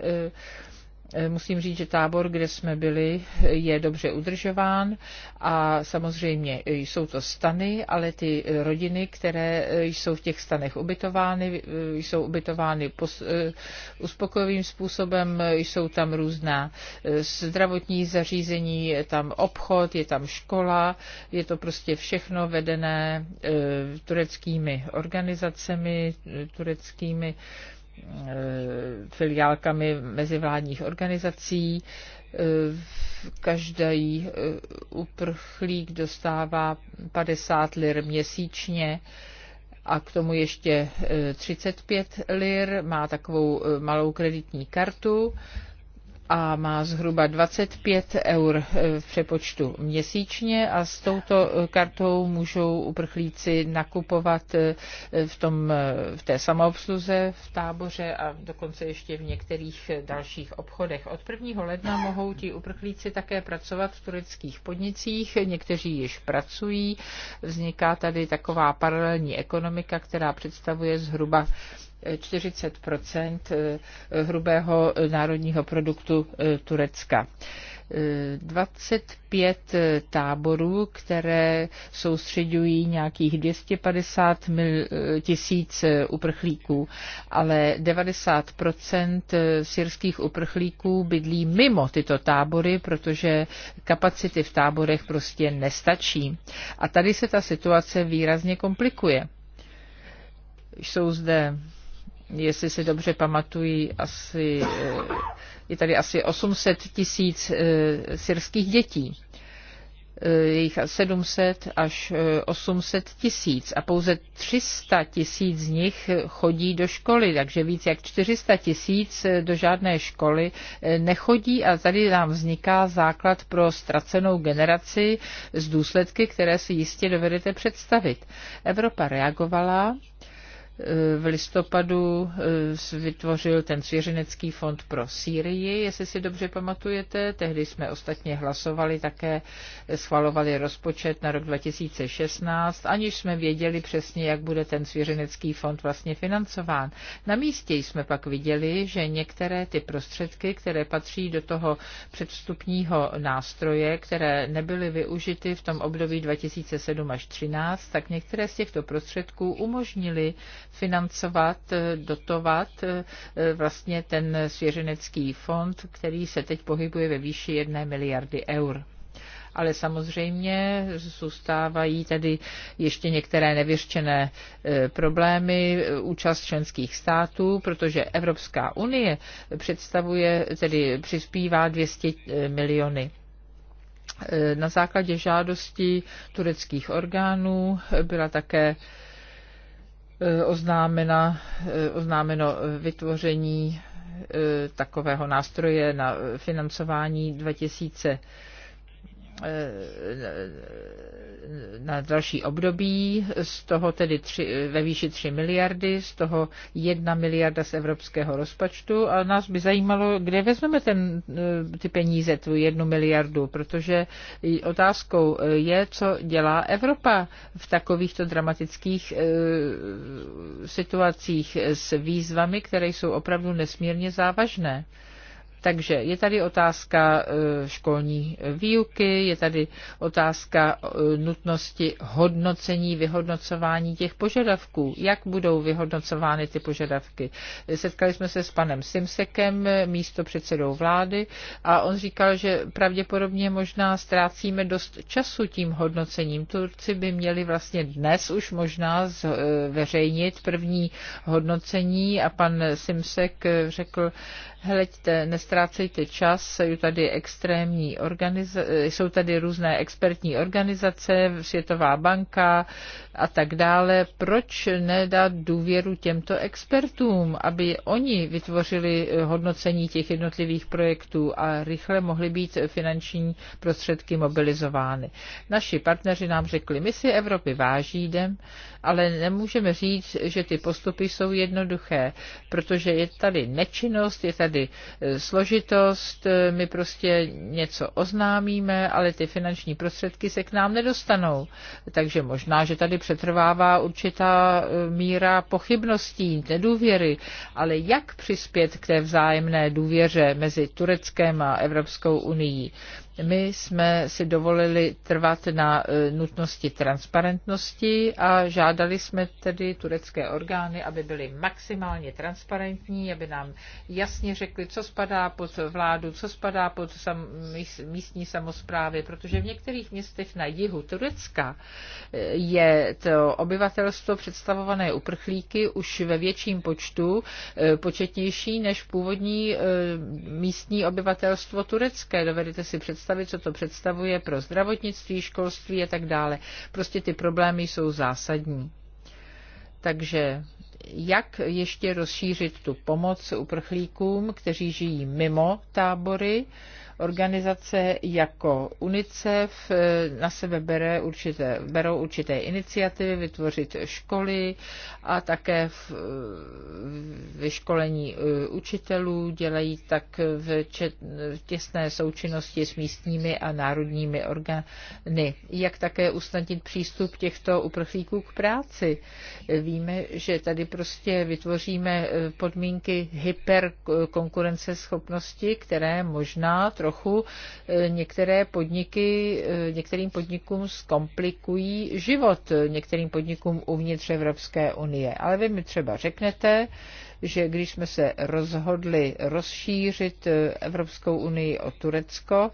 Eh, musím říct, že tábor, kde jsme byli, je dobře udržován a samozřejmě jsou to stany, ale ty rodiny, které eh, jsou v těch stanech ubytovány, eh, jsou ubytovány uspokojivým způsobem, jsou tam různá zdravotní zařízení, je tam obchod, je tam škola, je to prostě všechno vedené tureckými organizacemi, tureckými Eh, filiálkami mezivládních organizací. Eh, každý eh, uprchlík dostává 50 lir měsíčně a k tomu ještě 35 lir, má takovou malou kreditní kartu a má zhruba 25 eur eh, v přepočtu měsíčně a s touto eh, kartou můžou uprchlíci nakupovat eh, v, tom, v té samoobsluze, v táboře a dokonce ještě v některých dalších obchodech. Od 1. ledna mohou ti uprchlíci také pracovat v tureckých podnicích, někteří již pracují, vzniká tady taková paralelní ekonomika, která představuje zhruba 40 hrubého národního produktu eh, Turecka. 25 eh, táborů, které soustředují nějakých 250 eh, tisíc uprchlíků, ale 90 syrských uprchlíků bydlí mimo tyto tábory, protože kapacity v táborech prostě nestačí. A tady se ta situace výrazně komplikuje. Jsou zde jestli si dobře pamatují, asi, eh, je tady asi 800 tisíc eh, syrských dětí. Eh, Jejich 700 až 800 tisíc a pouze 300 tisíc z nich chodí do školy, takže víc jak 400 tisíc do žádné školy nechodí a tady nám vzniká základ pro ztracenou generaci z důsledky, které si jistě dovedete představit. Evropa reagovala v listopadu eh, vytvořil ten svěřenecký fond pro Sýrii, jestli si dobře pamatujete. Tehdy jsme ostatně hlasovali také, eh, schvalovali rozpočet na rok 2016, aniž jsme věděli přesně, jak bude ten svěřenecký fond vlastně financován. Na místě jsme pak viděli, že některé ty prostředky, které patří do toho předvstupního nástroje, které nebyly využity v tom období 2007 až 2013, tak některé z těchto prostředků umožnili financovat, eh, dotovat eh, eh, vlastně ten svěřenecký fond, který se teď pohybuje ve výši 1 miliardy eur ale samozřejmě zůstávají tady ještě některé nevyřčené problémy účast členských států, protože Evropská unie představuje, tedy přispívá 200 miliony na základě žádosti tureckých orgánů byla také Eh, oznámena, eh, oznámeno eh, vytvoření takového nástroje na financování 2000 na další období, z toho tedy tři, ve výši 3 miliardy, z toho 1 miliarda z evropského rozpočtu. A nás by zajímalo, kde vezmeme ten, eh, ty peníze, tu jednu miliardu, protože otázkou je, co dělá Evropa v takovýchto dramatických eh, situacích s výzvami, které jsou opravdu nesmírně závažné. Takže je tady otázka eh, školní výuky, je tady otázka eh, nutnosti hodnocení, vyhodnocování těch požadavků. Jak budou vyhodnocovány ty požadavky? Setkali jsme se s panem Simsekem, místo předsedou vlády, a on říkal, že pravděpodobně možná ztrácíme dost času tím hodnocením. Turci by měli vlastně dnes už možná zveřejnit eh, první hodnocení a pan Simsek řekl, hleďte, nestrácejte čas, jsou tady extrémní organizace, jsou tady různé expertní organizace, Světová banka a tak dále. Proč nedat důvěru těmto expertům, aby oni vytvořili hodnocení těch jednotlivých projektů a rychle mohly být finanční prostředky mobilizovány? Naši partneři nám řekli, my si Evropy váží, jdem, ale nemůžeme říct, že ty postupy jsou jednoduché, protože je tady nečinnost, je tady tedy e, složitost, e, my prostě něco oznámíme, ale ty finanční prostředky se k nám nedostanou. Takže možná, že tady přetrvává určitá e, míra pochybností, nedůvěry, ale jak přispět k té vzájemné důvěře mezi Tureckem a Evropskou unii? My jsme si dovolili trvat na e, nutnosti transparentnosti a žádali jsme tedy turecké orgány, aby byly maximálně transparentní, aby nám jasně řekli, co spadá pod vládu, co spadá pod sam, místní samozprávy, protože v některých městech na jihu Turecka e, je to obyvatelstvo představované uprchlíky už ve větším počtu, e, početnější než původní místní obyvatelstvo turecké. Dovedete si představit, představit, co to představuje pro zdravotnictví, školství a tak dále. Prostě ty problémy jsou zásadní. Takže jak ještě rozšířit tu pomoc uprchlíkům, kteří žijí mimo tábory, Organizace jako UNICEF eh, na sebe bere určité, berou určité iniciativy vytvořit školy a také v, eh, vyškolení eh, učitelů dělají tak v, čet, v těsné součinnosti s místními a národními orgány. Jak také usnadnit přístup těchto uprchlíků k práci? Víme, že tady prostě vytvoříme podmínky hyperkonkurenceschopnosti, které možná trochu trochu eh, některé podniky, eh, některým podnikům zkomplikují život, eh, některým podnikům uvnitř Evropské unie. Ale vy mi třeba řeknete, že když jsme se rozhodli rozšířit Evropskou unii o Turecko,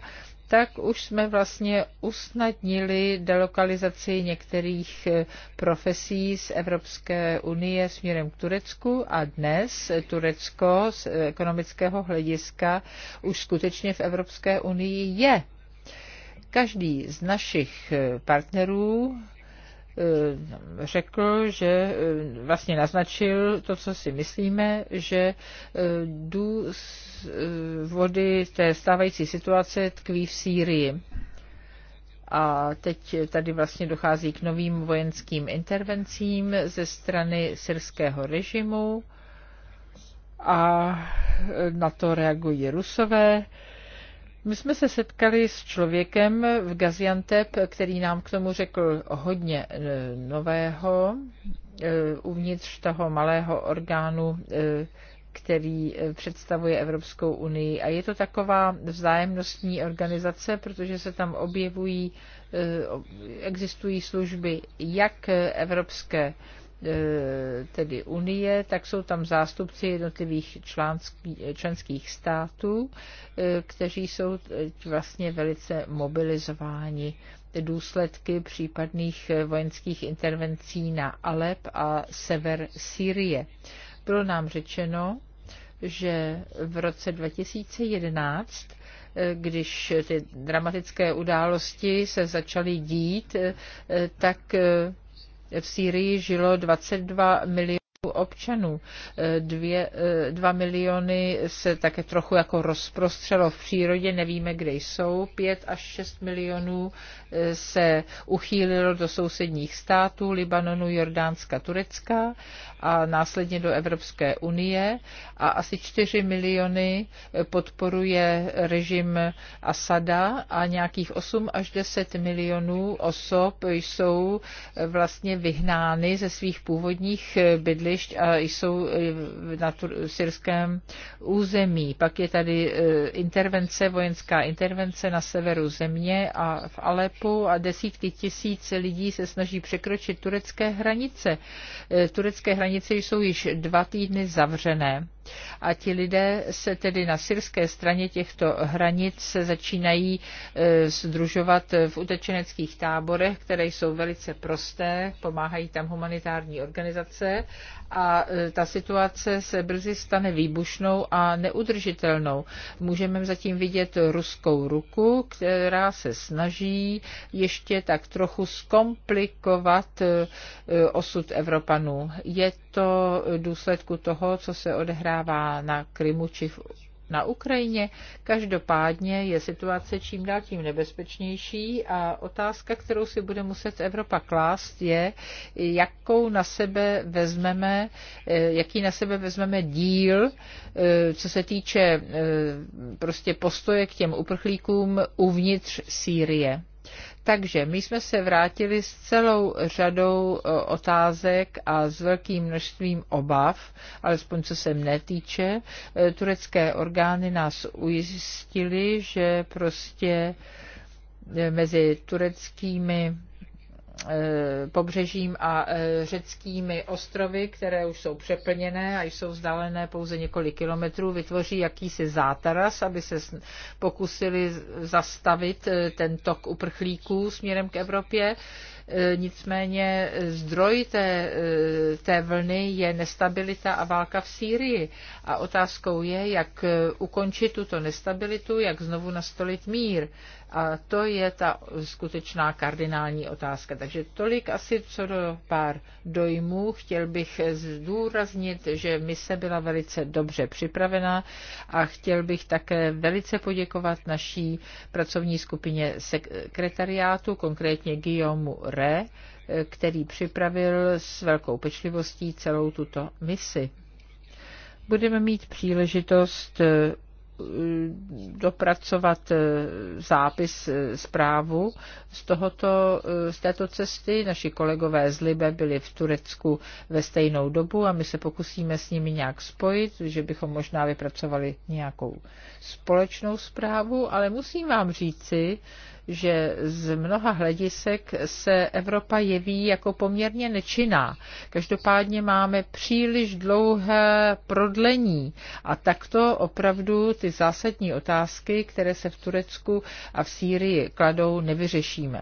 tak už jsme vlastně usnadnili delokalizaci některých eh, profesí z Evropské unie směrem k Turecku a dnes Turecko z ekonomického hlediska už skutečně v Evropské unii je. Každý z našich eh, partnerů Eh, řekl, že eh, vlastně naznačil to, co si myslíme, že eh, důvody té stávající situace tkví v Sýrii. A teď tady vlastně dochází k novým vojenským intervencím ze strany syrského režimu a na to reagují rusové my jsme se setkali s člověkem v Gaziantep, který nám k tomu řekl hodně e, nového e, uvnitř toho malého orgánu, e, který představuje Evropskou unii. A je to taková vzájemnostní organizace, protože se tam objevují, existují služby jak evropské E, tedy Unie, tak jsou tam zástupci jednotlivých článský, e, členských států, e, kteří jsou vlastně velice mobilizováni důsledky případných vojenských intervencí na Alep a sever Sýrie. Bylo nám řečeno, že v roce 2011 když ty dramatické události se začaly dít, tak v Sýrii žilo 22 milionů občanů. Eh, dvě, eh, dva miliony se také trochu jako rozprostřelo v přírodě, nevíme, kde jsou. Pět až šest milionů eh, se uchýlilo do sousedních států, Libanonu, Jordánska, Turecka a následně do Evropské unie a asi čtyři miliony podporuje režim Asada a nějakých 8 až 10 milionů osob jsou vlastně vyhnány ze svých původních bydlí pracovišť a jsou e, na syrském území. Pak je tady e, intervence, vojenská intervence na severu země a v Alepu a desítky tisíc lidí se snaží překročit turecké hranice. E, turecké hranice jsou již dva týdny zavřené. A ti lidé se tedy na syrské straně těchto hranic se začínají e, združovat v utečeneckých táborech, které jsou velice prosté, pomáhají tam humanitární organizace a e, ta situace se brzy stane výbušnou a neudržitelnou. Můžeme zatím vidět ruskou ruku, která se snaží ještě tak trochu zkomplikovat e, e, osud Evropanů. Je to důsledku toho, co se odehrává na Krymu či v na Ukrajině. Každopádně je situace čím dál tím nebezpečnější a otázka, kterou si bude muset Evropa klást, je, jakou na sebe vezmeme, eh, jaký na sebe vezmeme díl, eh, co se týče eh, prostě postoje k těm uprchlíkům uvnitř Sýrie. Takže my jsme se vrátili s celou řadou e, otázek a s velkým množstvím obav, alespoň co se mne týče. E, turecké orgány nás ujistili, že prostě e, mezi tureckými Eh, pobřežím a eh, řeckými ostrovy, které už jsou přeplněné a jsou vzdálené pouze několik kilometrů, vytvoří jakýsi zátaras, aby se pokusili zastavit eh, ten tok uprchlíků směrem k Evropě. E, nicméně zdroj té, e, té vlny je nestabilita a válka v Sýrii. A otázkou je, jak e, ukončit tuto nestabilitu, jak znovu nastolit mír. A to je ta skutečná kardinální otázka. Takže tolik asi co do pár dojmů. Chtěl bych zdůraznit, že mise byla velice dobře připravena a chtěl bych také velice poděkovat naší pracovní skupině sekretariátu, konkrétně Guillaume Re, eh, který připravil s velkou pečlivostí celou tuto misi. Budeme mít příležitost eh, dopracovat eh, zápis zprávu z, tohoto, z této cesty. Naši kolegové z Libe byli v Turecku ve stejnou dobu a my se pokusíme s nimi nějak spojit, že bychom možná vypracovali nějakou společnou zprávu, ale musím vám říci, že z mnoha hledisek se Evropa jeví jako poměrně nečinná. Každopádně máme příliš dlouhé prodlení a takto opravdu ty zásadní otázky, které se v Turecku a v Sýrii kladou, nevyřešíme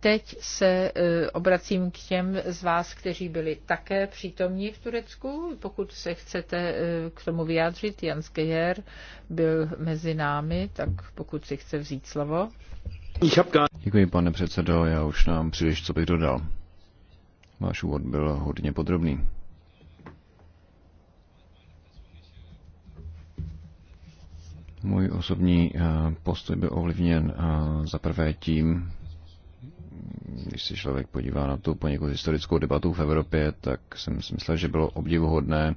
teď se e, obracím k těm z vás, kteří byli také přítomní v Turecku. Pokud se chcete e, k tomu vyjádřit, Jan Skejer byl mezi námi, tak pokud si chce vzít slovo. Děkuji, pane předsedo. Já už nám příliš co bych dodal. Váš úvod byl hodně podrobný. Můj osobní eh, postoj byl ovlivněn eh, za prvé tím, když se člověk podívá na tu poněkud historickou debatu v Evropě, tak jsem si myslel, že bylo obdivuhodné,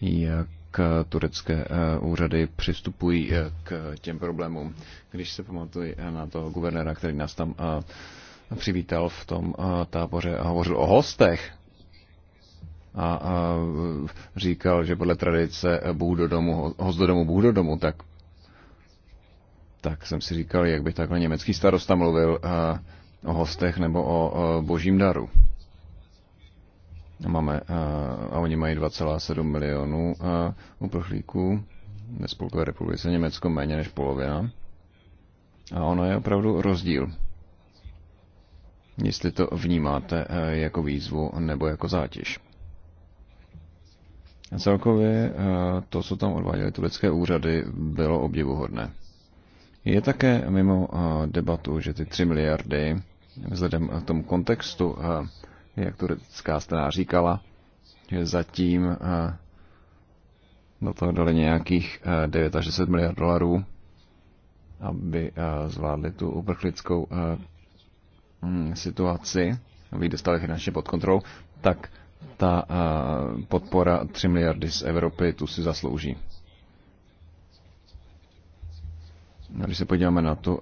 jak jak turecké eh, úřady přistupují eh, k těm problémům. Když se pamatuji eh, na toho guvernéra, který nás tam přivítal v tom táboře a hovořil o hostech, a, a říkal, že podle tradice Bůh do domu, host do domu, Bůh do domu, tak, tak jsem si říkal, jak by takhle německý starosta mluvil a, o hostech nebo o, o božím daru. Máme, eh, a oni mají 2,7 milionů eh, uprchlíků ve Spolkové republice Německo méně než polovina. A ono je opravdu rozdíl. Jestli to vnímáte eh, jako výzvu nebo jako zátěž. A celkově to, co tam odváděly turecké úřady, bylo obdivuhodné. Je také mimo debatu, že ty 3 miliardy, vzhledem k tomu kontextu jak turecká strana říkala, že zatím eh, do toho dali nějakých 9 eh, až 10 miliard dolarů, aby eh, zvládli tu uprchlickou hm, situaci, aby ji dostali finančně pod kontrolou, tak ta podpora 3 miliardy z Evropy tu si zaslouží. Když se podíváme na tu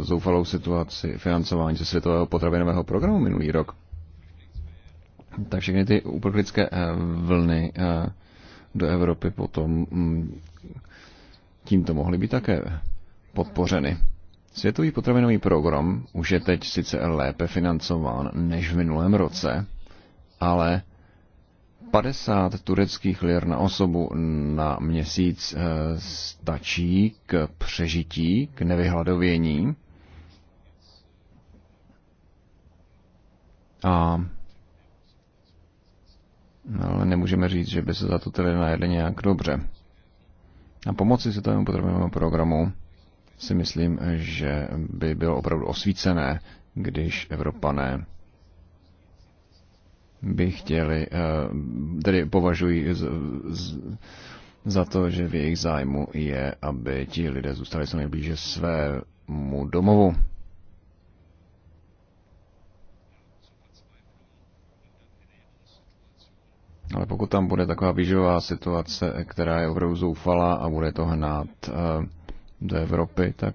zoufalou situaci financování ze Světového potravinového programu minulý rok, tak všechny ty uprchlické eh, vlny eh, do Evropy potom mm, tímto mohly být také podpořeny. Světový potravinový program už je teď sice lépe financován než v minulém roce, ale 50 tureckých lir na osobu na měsíc eh, stačí k přežití, k nevyhladovění. A ale nemůžeme říct, že by se za to tedy najedli nějak dobře. A pomoci se tomu potřebujeme programu si myslím, že by bylo opravdu osvícené, když Evropané by chtěli, eh, tedy považují z, z, za to, že v jejich zájmu je, aby ti lidé zůstali co nejblíže svému domovu. Ale pokud tam bude taková výživová situace, která je opravdu zoufalá a bude to hnát eh, do Evropy, tak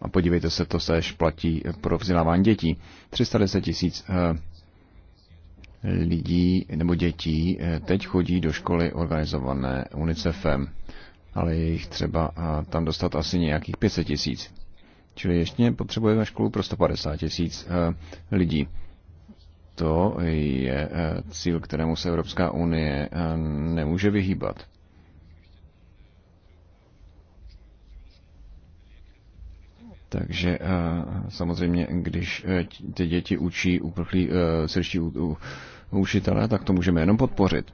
a podívejte se, to se platí pro vzdělávání dětí. 310 tisíc eh, lidí nebo dětí eh, teď chodí do školy organizované UNICEFem, ale je jich třeba tam dostat asi nějakých 500 tisíc. Čili ještě potřebujeme školu pro 150 tisíc lidí to je eh, cíl, kterému se Evropská unie eh, nemůže vyhýbat. Takže eh, samozřejmě, když ty děti učí uprchlí srští učitele, tak to můžeme jenom podpořit.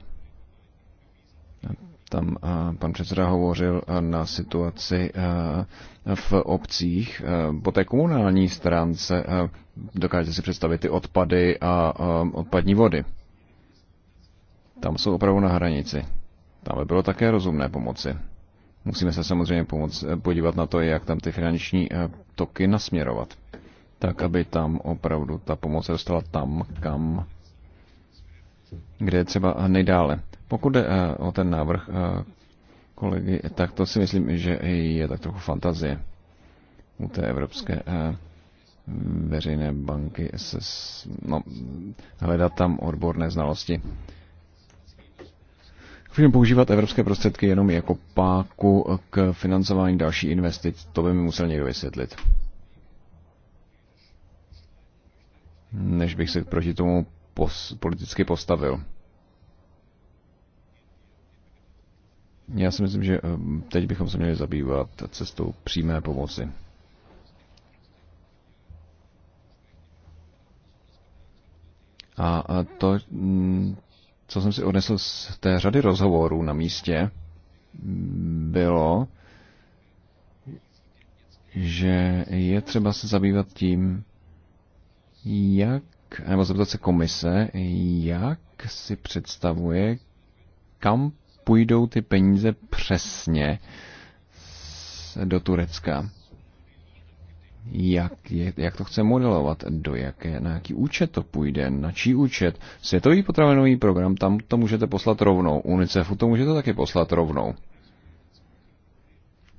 Tam pan předseda hovořil na situaci v obcích. Po té komunální stránce dokážete si představit ty odpady a odpadní vody. Tam jsou opravdu na hranici. Tam by bylo také rozumné pomoci. Musíme se samozřejmě pomoc, eh, podívat na to, jak tam ty finanční eh, toky nasměrovat. Tak, aby tam opravdu ta pomoc dostala tam, kam, kde je třeba nejdále. Pokud jde eh, o ten návrh kolegy, tak to si myslím, že je tak trochu fantazie u té evropské veřejné banky se, no, hledat tam odborné znalosti. Můžeme používat evropské prostředky jenom jako páku k financování další investic, to by mi musel někdo vysvětlit. Než bych se proti tomu pos- politicky postavil. Já si myslím, že eh, teď bychom se měli zabývat cestou přímé pomoci. A to, mm, co jsem si odnesl z té řady rozhovorů na místě, bylo, že je třeba se zabývat tím, jak, nebo zeptat se komise, jak si představuje, kam půjdou ty peníze přesně do Turecka jak, je, jak to chce modelovat, do jaké, na jaký účet to půjde, na čí účet. Světový potravinový program, tam to můžete poslat rovnou. UNICEFu to můžete taky poslat rovnou.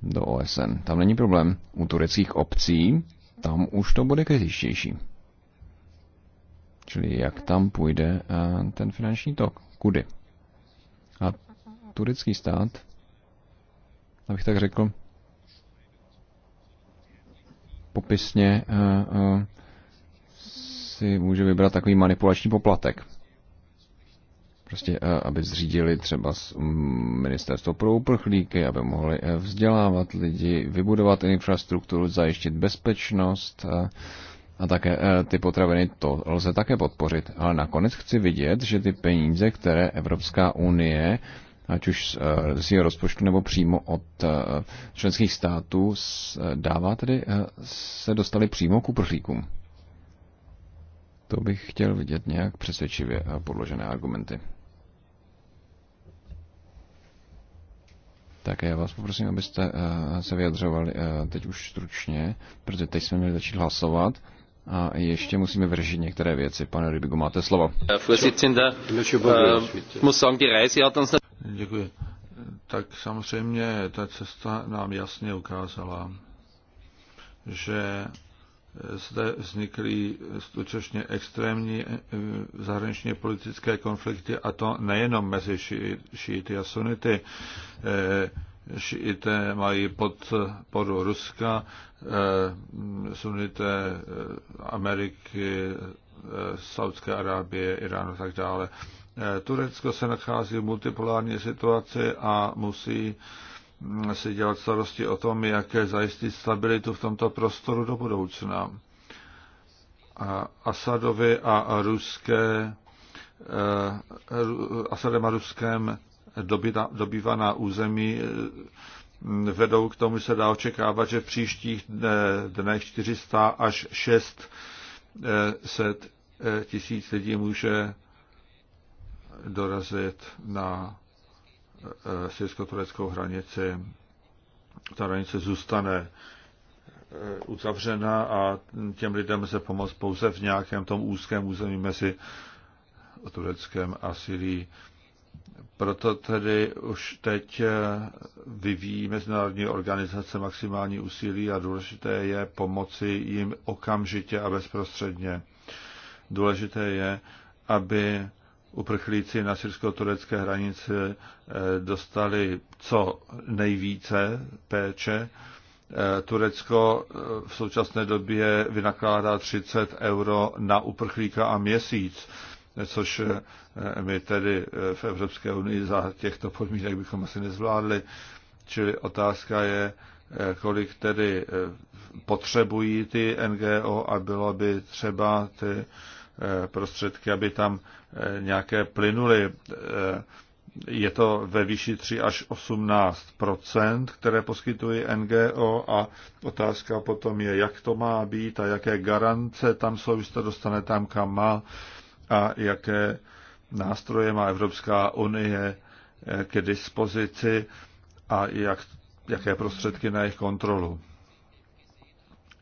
Do OSN. Tam není problém. U tureckých obcí, tam už to bude kritičtější. Čili jak tam půjde eh, ten finanční tok. Kudy. A turecký stát, abych tak řekl, popisně eh, eh, si může vybrat takový manipulační poplatek. Prostě, eh, aby zřídili třeba mm, ministerstvo pro uprchlíky, aby mohli vzdělávat lidi, vybudovat infrastrukturu, zajištit bezpečnost a také ty potraviny, to lze také podpořit. Ale nakonec chci vidět, že ty peníze, které Evropská unie ať už eh, z jeho rozpočtu nebo přímo od eh, členských států, eh, dává tedy, se dostali přímo k uprchlíkům. To bych chtěl vidět nějak přesvědčivě podložené argumenty. Tak já vás poprosím, abyste se vyjadřovali teď už stručně, protože teď jsme měli začít hlasovat a ještě musíme vyřešit některé věci. Pane Rybigo, máte slovo. Děkuji. Tak samozřejmě ta cesta nám jasně ukázala, že zde vznikly skutečně extrémní eh, zahraničně politické konflikty a to nejenom mezi šíity a sunity. Eh, šíité mají podporu Ruska, eh, sunité Ameriky, Saudské Arábie, Iránu a tak dále. Eh, Turecko se nachází v multipolární situaci a musí mm, si dělat starosti o tom, jak zajistit stabilitu v tomto prostoru do budoucna. A Asadovi a ruské, eh, Asadem a Ruskem dobývaná území eh, vedou k tomu, že se dá očekávat, že v příštích dnech 400 až 600 tisíc lidí může dorazit na eh, syrsko-tureckou hranici. Ta hranice zůstane eh, uzavřena a těm lidem se pomoct pouze v nějakém tom úzkém území mezi Tureckem a Syrií. Proto tedy už teď eh, vyvíjí mezinárodní organizace maximální úsilí a důležité je pomoci jim okamžitě a bezprostředně. Důležité je, aby uprchlíci na syrsko-turecké hranice eh, dostali co nejvíce péče. Eh, Turecko eh, v současné době vynakládá 30 euro na uprchlíka a měsíc, což my tedy v Evropské unii za těchto podmínek bychom asi nezvládli. Čili otázka je, kolik tedy potřebují ty NGO a bylo by třeba ty Eh, prostředky, aby tam eh, nějaké plynuly. Eh, je to ve výši 3 až 18 které poskytují NGO a otázka potom je, jak to má být a jaké garance tam jsou, když to dostane tam, kam má a jaké nástroje má Evropská unie k dispozici a jak, jaké prostředky na jejich kontrolu.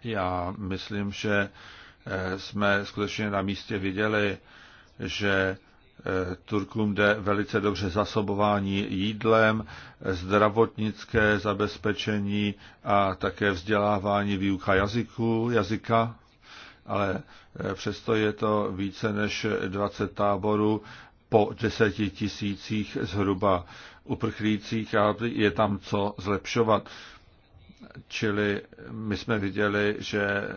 Já myslím, že Eh, jsme skutečně na místě viděli, že eh, Turkům jde velice dobře zasobování jídlem, zdravotnické zabezpečení a také vzdělávání výuka jazyku, jazyka, ale eh, přesto je to více než 20 táborů po deseti tisících zhruba uprchlících a je tam co zlepšovat. Čili my jsme viděli, že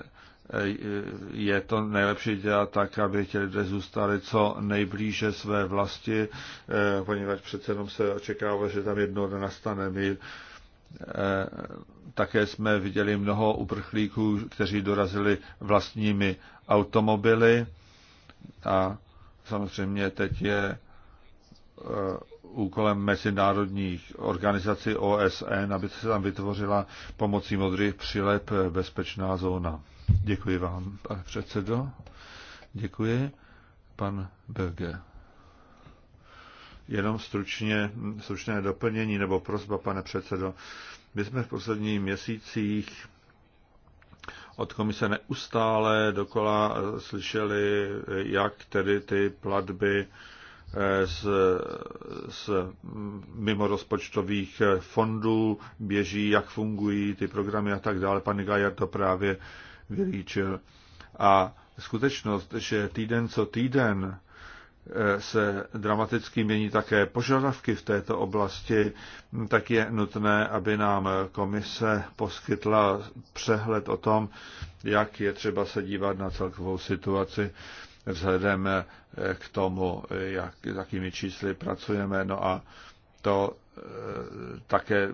je to nejlepší dělat tak, aby ti lidé zůstali co nejblíže své vlasti, eh, poněvadž přece jenom se očekává, že tam jednou nastane mír. Eh, také jsme viděli mnoho uprchlíků, kteří dorazili vlastními automobily a samozřejmě teď je eh, úkolem mezinárodních organizací OSN, aby se tam vytvořila pomocí modrých přilep bezpečná zóna. Děkuji vám, pane předsedo. Děkuji. Pan Belge. Jenom stručně, stručné doplnění nebo prozba, pane předsedo. My jsme v posledních měsících od komise neustále dokola slyšeli, jak tedy ty platby eh, z, z mimorozpočtových eh, fondů běží, jak fungují ty programy a tak dále. Pan Gajar to právě vylíčil. A skutečnost, že týden co týden eh, se dramaticky mění také požadavky v této oblasti, hm, tak je nutné, aby nám komise poskytla přehled o tom, jak je třeba se dívat na celkovou situaci vzhledem eh, k tomu, jak, jakými čísly pracujeme. No a to eh, také,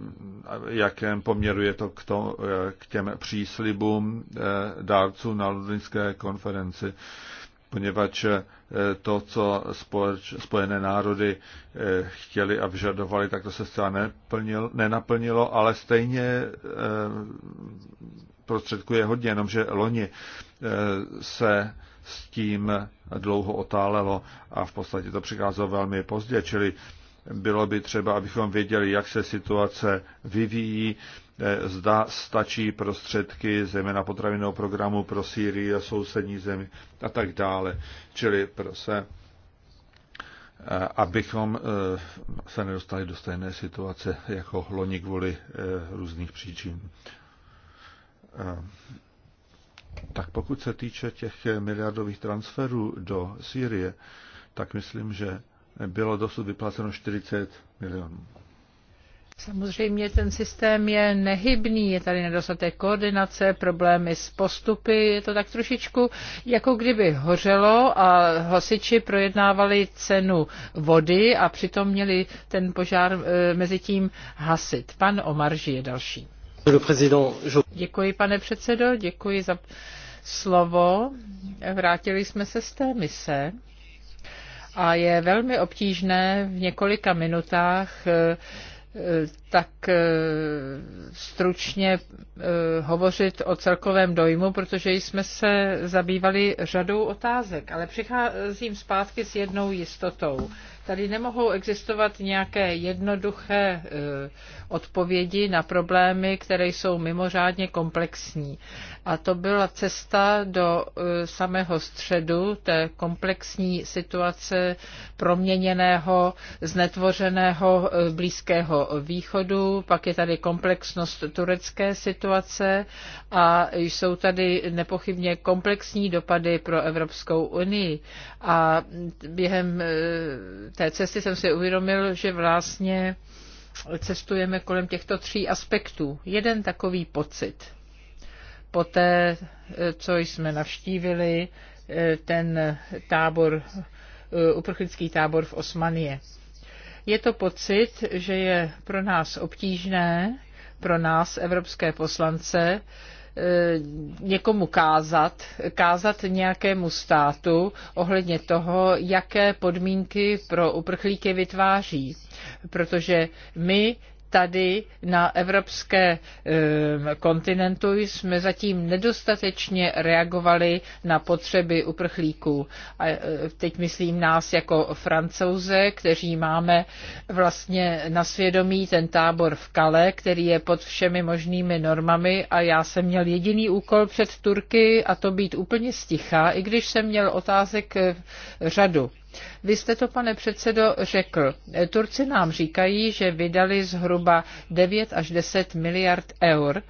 jakém poměru je to k, to, eh, k těm příslibům eh, dárců na Londýnské konferenci, poněvadž to, co společ, Spojené národy chtěli a vyžadovali, tak to se zcela neplnil, nenaplnilo, ale stejně prostředkuje hodně, jenomže loni se s tím dlouho otálelo a v podstatě to přicházelo velmi pozdě, čili bylo by třeba, abychom věděli, jak se situace vyvíjí, eh, zda stačí prostředky zejména potravinového programu pro Sýrii a sousední zemi a tak dále. Čili pro se, eh, abychom eh, se nedostali do stejné situace jako loni kvůli různých příčin. Tak pokud se týče těch miliardových transferů do Sýrie, tak myslím, že bylo dosud vyplaceno 40 milionů. Samozřejmě ten systém je nehybný, je tady nedostatek koordinace, problémy s postupy, je to tak trošičku jako kdyby hořelo a hasiči projednávali cenu vody a přitom měli ten požár e, mezi tím hasit. Pan Omarži je další. Děkuji, pane předsedo, děkuji za slovo. Vrátili jsme se z té mise a je velmi obtížné v několika minutách eh, tak eh, stručně eh, hovořit o celkovém dojmu, protože jsme se zabývali řadou otázek, ale přicházím zpátky s jednou jistotou. Tady nemohou existovat nějaké jednoduché eh, odpovědi na problémy, které jsou mimořádně komplexní. A to byla cesta do samého středu té komplexní situace proměněného, znetvořeného Blízkého východu východu, pak je tady komplexnost turecké situace a jsou tady nepochybně komplexní dopady pro Evropskou unii. A během e, té cesty jsem si uvědomil, že vlastně cestujeme kolem těchto tří aspektů. Jeden takový pocit. Poté, e, co jsme navštívili e, ten tábor, uprchlický tábor v Osmanie. Je to pocit, že je pro nás obtížné, pro nás, evropské poslance, e, někomu kázat, kázat nějakému státu ohledně toho, jaké podmínky pro uprchlíky vytváří. Protože my tady na evropské kontinentu jsme zatím nedostatečně reagovali na potřeby uprchlíků. A e, teď myslím nás jako francouze, kteří máme vlastně na svědomí ten tábor v Kale, který je pod všemi možnými normami a já jsem měl jediný úkol před Turky a to být úplně sticha, i když jsem měl otázek e, řadu. Vy jste to, pane předsedo, řekl. Turci nám říkají, že vydali zhruba 9 až 10 miliard eur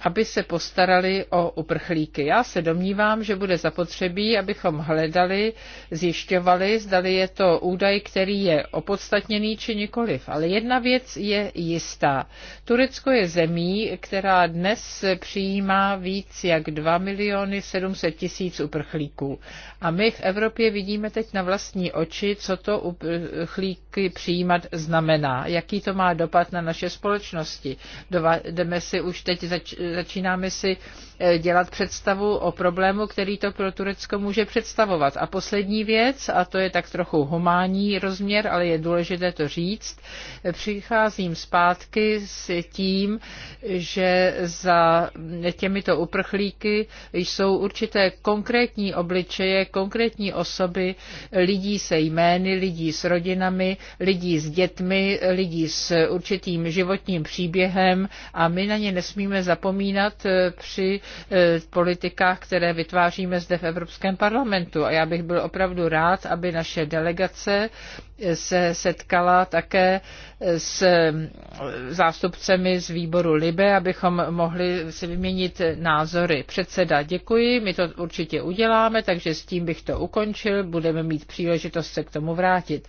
aby se postarali o uprchlíky. Já se domnívám, že bude zapotřebí, abychom hledali, zjišťovali, zdali je to údaj, který je opodstatněný či nikoliv. Ale jedna věc je jistá. Turecko je zemí, která dnes přijímá víc jak 2 miliony 700 tisíc uprchlíků. A my v Evropě vidíme teď na vlastní oči, co to uprchlíky přijímat znamená, jaký to má dopad na naše společnosti. jdeme si už teď zač- začínáme si eh, dělat představu o problému, který to pro Turecko může představovat. A poslední věc, a to je tak trochu humánní rozměr, ale je důležité to říct, eh, přicházím zpátky s tím, že za mm, těmito uprchlíky jsou určité konkrétní obličeje, konkrétní osoby, lidí se jmény, lidí s rodinami, lidí s dětmi, lidí s určitým životním příběhem a my na ně nesmíme zapomínat připomínat eh, při eh, politikách, které vytváříme zde v Evropském parlamentu. A já bych byl opravdu rád, aby naše delegace eh, se setkala také s eh, zástupcemi z výboru Libe, abychom mohli si vyměnit názory. Předseda, děkuji, my to určitě uděláme, takže s tím bych to ukončil, budeme mít příležitost se k tomu vrátit.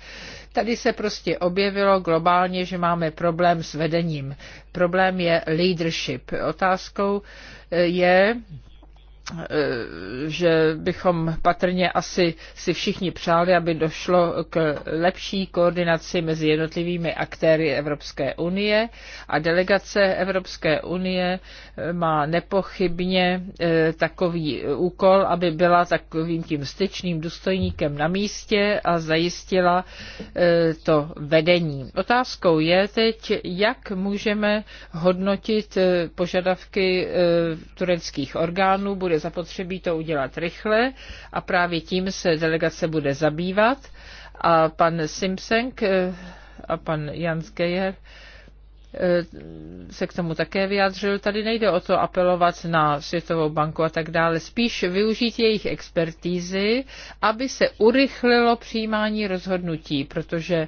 Tady se prostě objevilo globálně, že máme problém s vedením. Problém je leadership. Otázkou eh, je, že bychom patrně asi si všichni přáli, aby došlo k lepší koordinaci mezi jednotlivými aktéry Evropské unie a delegace Evropské unie má nepochybně eh, takový úkol, aby byla takovým tím styčným důstojníkem na místě a zajistila eh, to vedení. Otázkou je teď, jak můžeme hodnotit eh, požadavky tureckých orgánů, bude zapotřebí to udělat rychle a právě tím se delegace bude zabývat. A pan Simpsenk eh, a pan Jans Geyer eh, se k tomu také vyjádřil. Tady nejde o to apelovat na Světovou banku a tak dále, spíš využít jejich expertízy, aby se urychlilo přijímání rozhodnutí, protože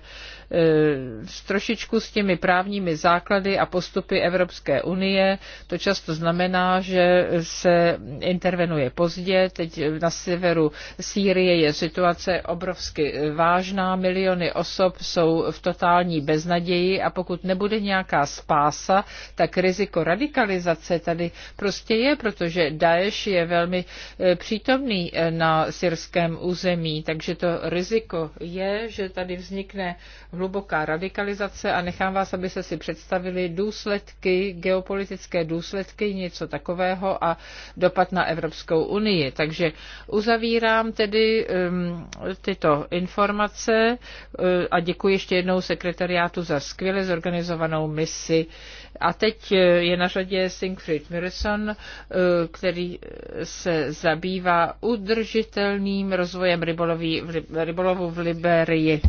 Eh, trošičku s těmi právními základy a postupy Evropské unie. To často znamená, že se intervenuje pozdě. Teď na severu Sýrie je situace obrovsky vážná. Miliony osob jsou v totální beznaději a pokud nebude nějaká spása, tak riziko radikalizace tady prostě je, protože Daesh je velmi eh, přítomný eh, na syrském území, takže to riziko je, že tady vznikne hluboká radikalizace a nechám vás, aby se si představili důsledky, geopolitické důsledky něco takového a dopad na Evropskou unii. Takže uzavírám tedy um, tyto informace uh, a děkuji ještě jednou sekretariátu za skvěle zorganizovanou misi. A teď uh, je na řadě Siegfried Mirson, uh, který se zabývá udržitelným rozvojem rybolovu v Liberii.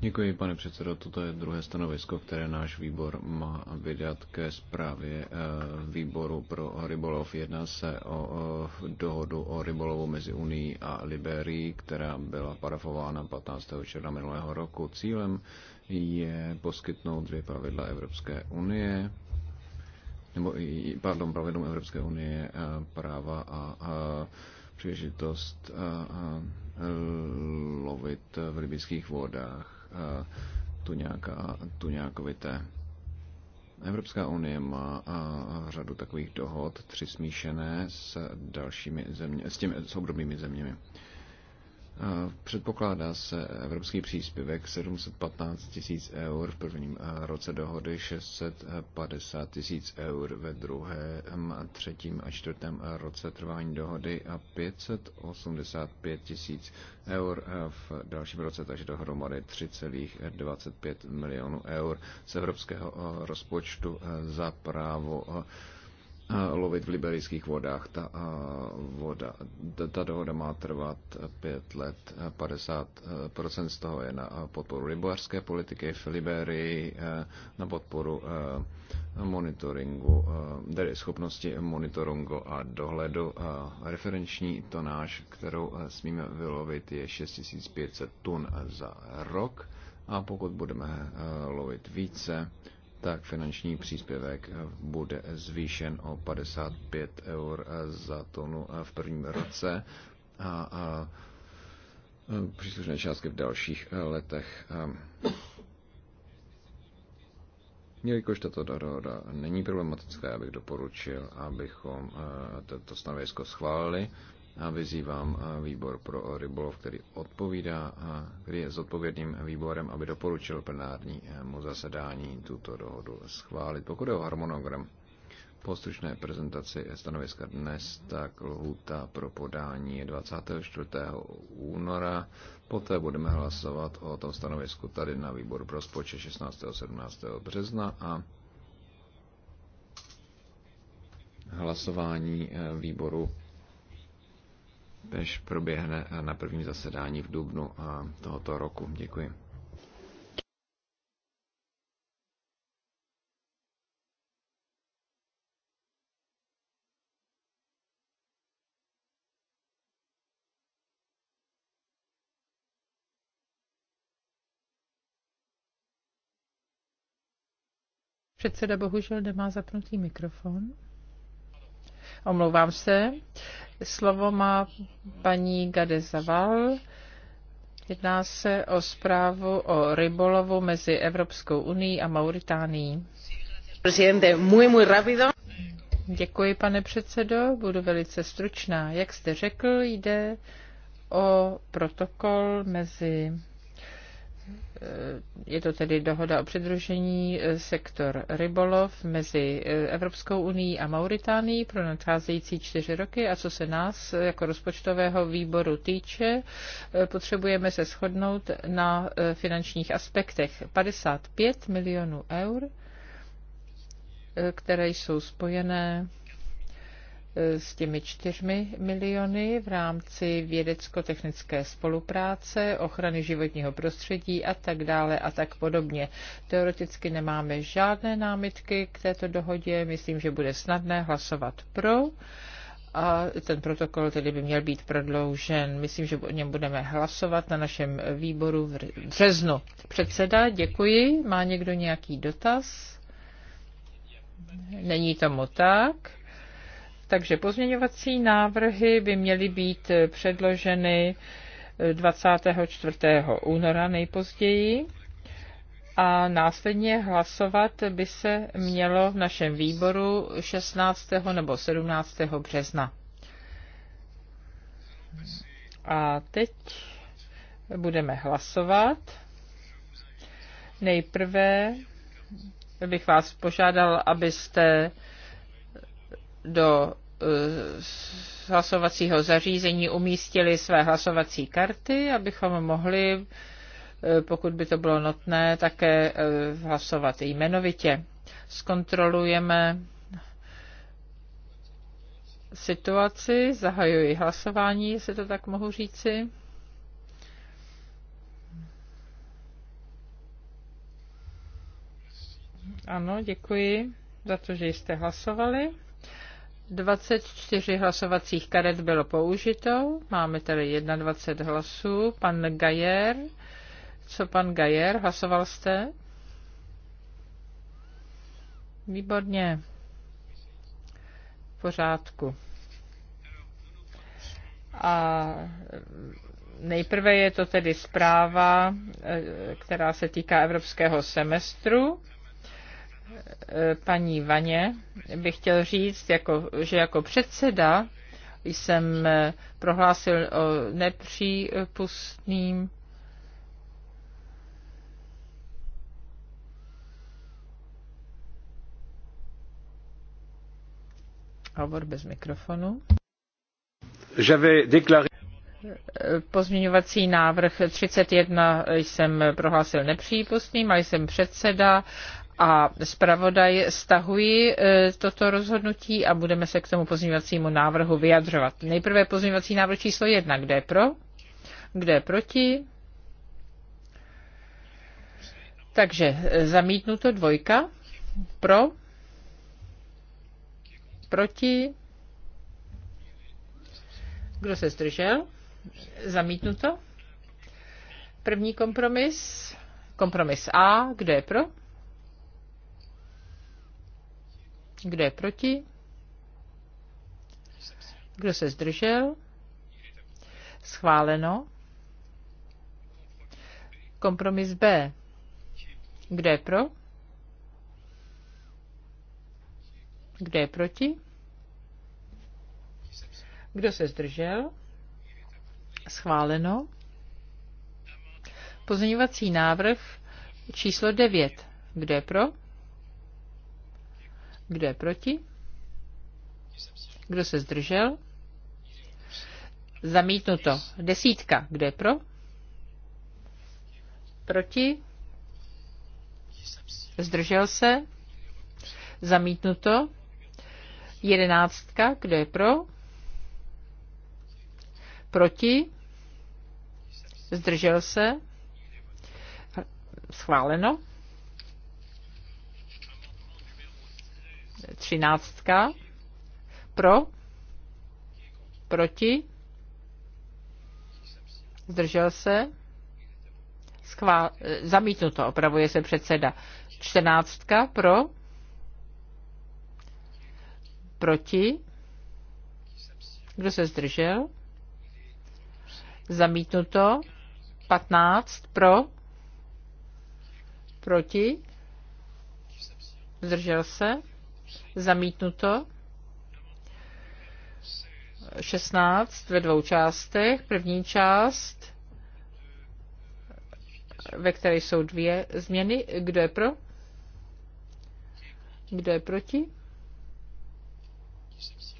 Děkuji, pane předsedo. Toto je druhé stanovisko, které náš výbor má vydat ke zprávě eh, výboru pro rybolov. Jedná se o eh, dohodu o rybolovu mezi Unii a Liberií, která byla parafována 15. června minulého roku. Cílem je poskytnout dvě pravidla Evropské unie nebo pardon, pravidlům Evropské unie eh, práva a, příležitost Eh, lovit v libických vodách eh, tu nějakovité. Evropská unie má eh, řadu takových dohod, tři smíšené s dalšími zeměmi s těmi soukromými zeměmi. Předpokládá se evropský příspěvek 715 tisíc eur v prvním roce dohody, 650 tisíc eur ve druhém, třetím a čtvrtém roce trvání dohody a 585 tisíc eur v dalším roce, takže dohromady 3,25 milionů eur z evropského rozpočtu za právo lovit v liberijských vodách. Ta, voda, ta dohoda má trvat pět let, 50% e, z toho je na podporu rybářské politiky v Liberii, e, na podporu e, monitoringu, tedy schopnosti monitoringu a dohledu. Referenční tonáž, kterou smíme vylovit, je 6500 tun za rok a pokud budeme lovit více, tak finanční příspěvek bude zvýšen o 55 eur za tonu v prvním roce a, a příslušné částky v dalších letech. Jelikož tato dohoda není problematická, já bych doporučil, abychom eh, to stanovisko schválili a vyzývám výbor pro rybolov, který odpovídá, který je zodpovědným výborem, aby doporučil plenárnímu e, zasedání tuto dohodu schválit. Pokud je o harmonogram, po stručné prezentaci stanoviska dnes, tak lhůta pro podání je 24. února. Poté budeme hlasovat o tom stanovisku tady na výboru pro spoče 16. a 17. března a hlasování e, výboru než proběhne na prvním zasedání v dubnu eh, tohoto roku. Děkuji. Předseda bohužel nemá zapnutý mikrofon. Omlouvám se. Slovo má paní Gade Zaval. Jedná se o zprávu o rybolovu mezi Evropskou unii a Mauritánií. Děkuji, pane předsedo, budu velice stručná. Jak jste řekl, jde o protokol mezi Eh, je to tedy dohoda o přidružení eh, sektor rybolov mezi eh, Evropskou unii a Mauritánií pro nadcházející čtyři roky a co se nás jako rozpočtového výboru týče, potřebujeme se shodnout na finančních aspektech 55 milionů eur, které jsou spojené Eh, s těmi čtyřmi miliony v rámci vědecko-technické spolupráce, ochrany životního prostředí a tak dále a tak podobně. Teoreticky nemáme žádné námitky k této dohodě, myslím, že bude snadné hlasovat pro a ten protokol tedy by měl být prodloužen. Myslím, že o něm budeme hlasovat na našem výboru v březnu. Předseda, děkuji. Má někdo nějaký dotaz? Není tomu tak. Takže pozměňovací návrhy by měly být předloženy 24. Eh, února nejpozději a následně hlasovat by se mělo v našem výboru 16. nebo 17. března. A teď budeme hlasovat. Nejprve bych vás požádal, abyste do eh, hlasovacího zařízení umístili své hlasovací karty, abychom mohli, eh, pokud by to bylo notné, také eh, hlasovat jmenovitě. Zkontrolujeme situaci, zahajuji hlasování, jestli to tak mohu říci. Ano, děkuji za to, že jste hlasovali. 24 hlasovacích karet bylo použito, máme tedy 21 hlasů. Pan Gajer, co pan Gajer, hlasoval jste? Výborně. V pořádku. A nejprve je to tedy zpráva, eh, která se týká evropského semestru paní Vaně bych chtěl říct, jako, že jako předseda jsem eh, prohlásil o nepřípustným Hovor bez mikrofonu. Pozměňovací návrh 31 jsem prohlásil nepřípustným a jsem předseda a zpravodaj stahují e, toto rozhodnutí a budeme se k tomu pozměňovacímu návrhu vyjadřovat. Nejprve pozměňovací návrh číslo jedna. Kdo je pro? Kdo je proti? Takže e, zamítnuto dvojka. Pro? Proti? Kdo se zdržel? Zamítnuto. První kompromis. Kompromis A. Kdo je pro? Kdo je proti? Kdo se zdržel? Schváleno. Kompromis B. Kdo je pro? Kdo je proti? Kdo se zdržel? Schváleno. Pozměňovací návrh číslo 9. Kdo je pro? Kdo je proti? Kdo se zdržel? Zamítnuto. Desítka. Kdo je pro? Proti? Zdržel se? Zamítnuto. Jedenáctka. Kdo je pro? Proti? Zdržel se? Schváleno. Třináctka. Pro? Proti? Zdržel se? zamítnu zamítnuto, opravuje se předseda. Čtrnáctka pro? Proti? Kdo se zdržel? Zamítnuto. 15 pro. Proti. Zdržel se. Zamítnuto. 16 ve dvou částech. První část, ve které jsou dvě změny. Kdo je pro? Kdo je proti?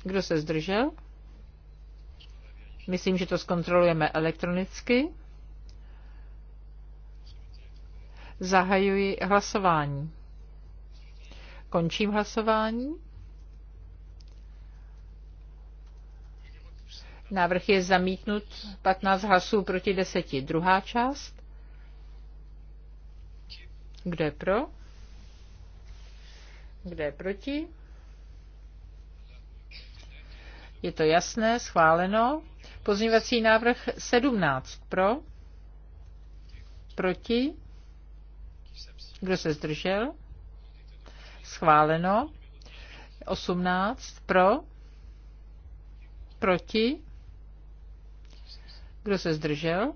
Kdo se zdržel? Myslím, že to zkontrolujeme elektronicky. Zahajuji hlasování. Končím hlasování. Návrh je zamítnut 15 hlasů proti 10. Druhá část. Kdo je pro? Kdo je proti? Je to jasné, schváleno. Pozměňovací návrh 17 pro, proti, kdo se zdržel? Schváleno. 18 pro. Proti. Kdo se zdržel?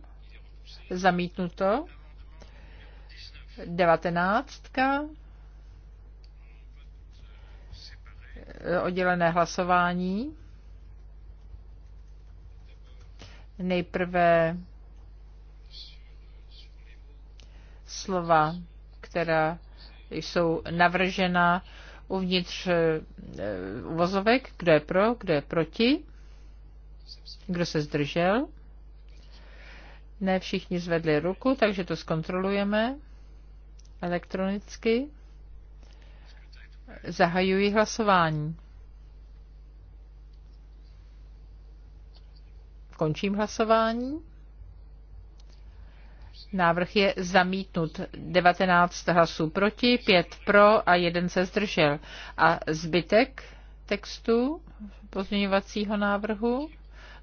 Zamítnuto. 19. Oddělené hlasování. Nejprve slova, která jsou navržena uvnitř eh, uvozovek, kdo je pro, kdo je proti, kdo se zdržel. Ne všichni zvedli ruku, takže to zkontrolujeme elektronicky. Zahajuji hlasování. Končím hlasování. Návrh je zamítnut. 19 hlasů proti, 5 pro a 1 se zdržel. A zbytek textu pozměňovacího návrhu,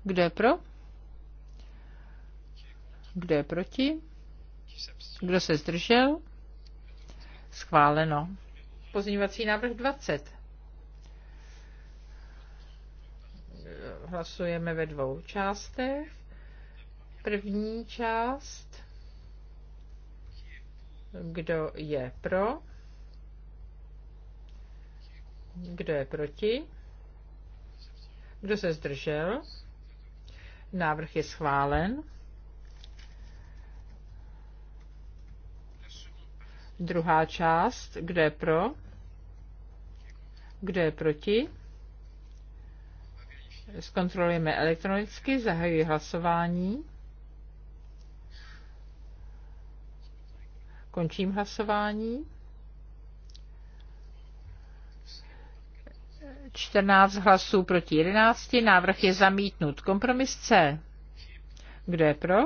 kdo je pro? Kdo je proti? Kdo se zdržel? Schváleno. Pozměňovací návrh 20. Hlasujeme ve dvou částech. První část kdo je pro? Kdo je proti? Kdo se zdržel? Návrh je schválen. Druhá část. Kdo je pro? Kdo je proti? Zkontrolujeme elektronicky. Zahajuji hlasování. Končím hlasování. 14 hlasů proti 11. Návrh je zamítnut. Kompromis C. Kdo je pro?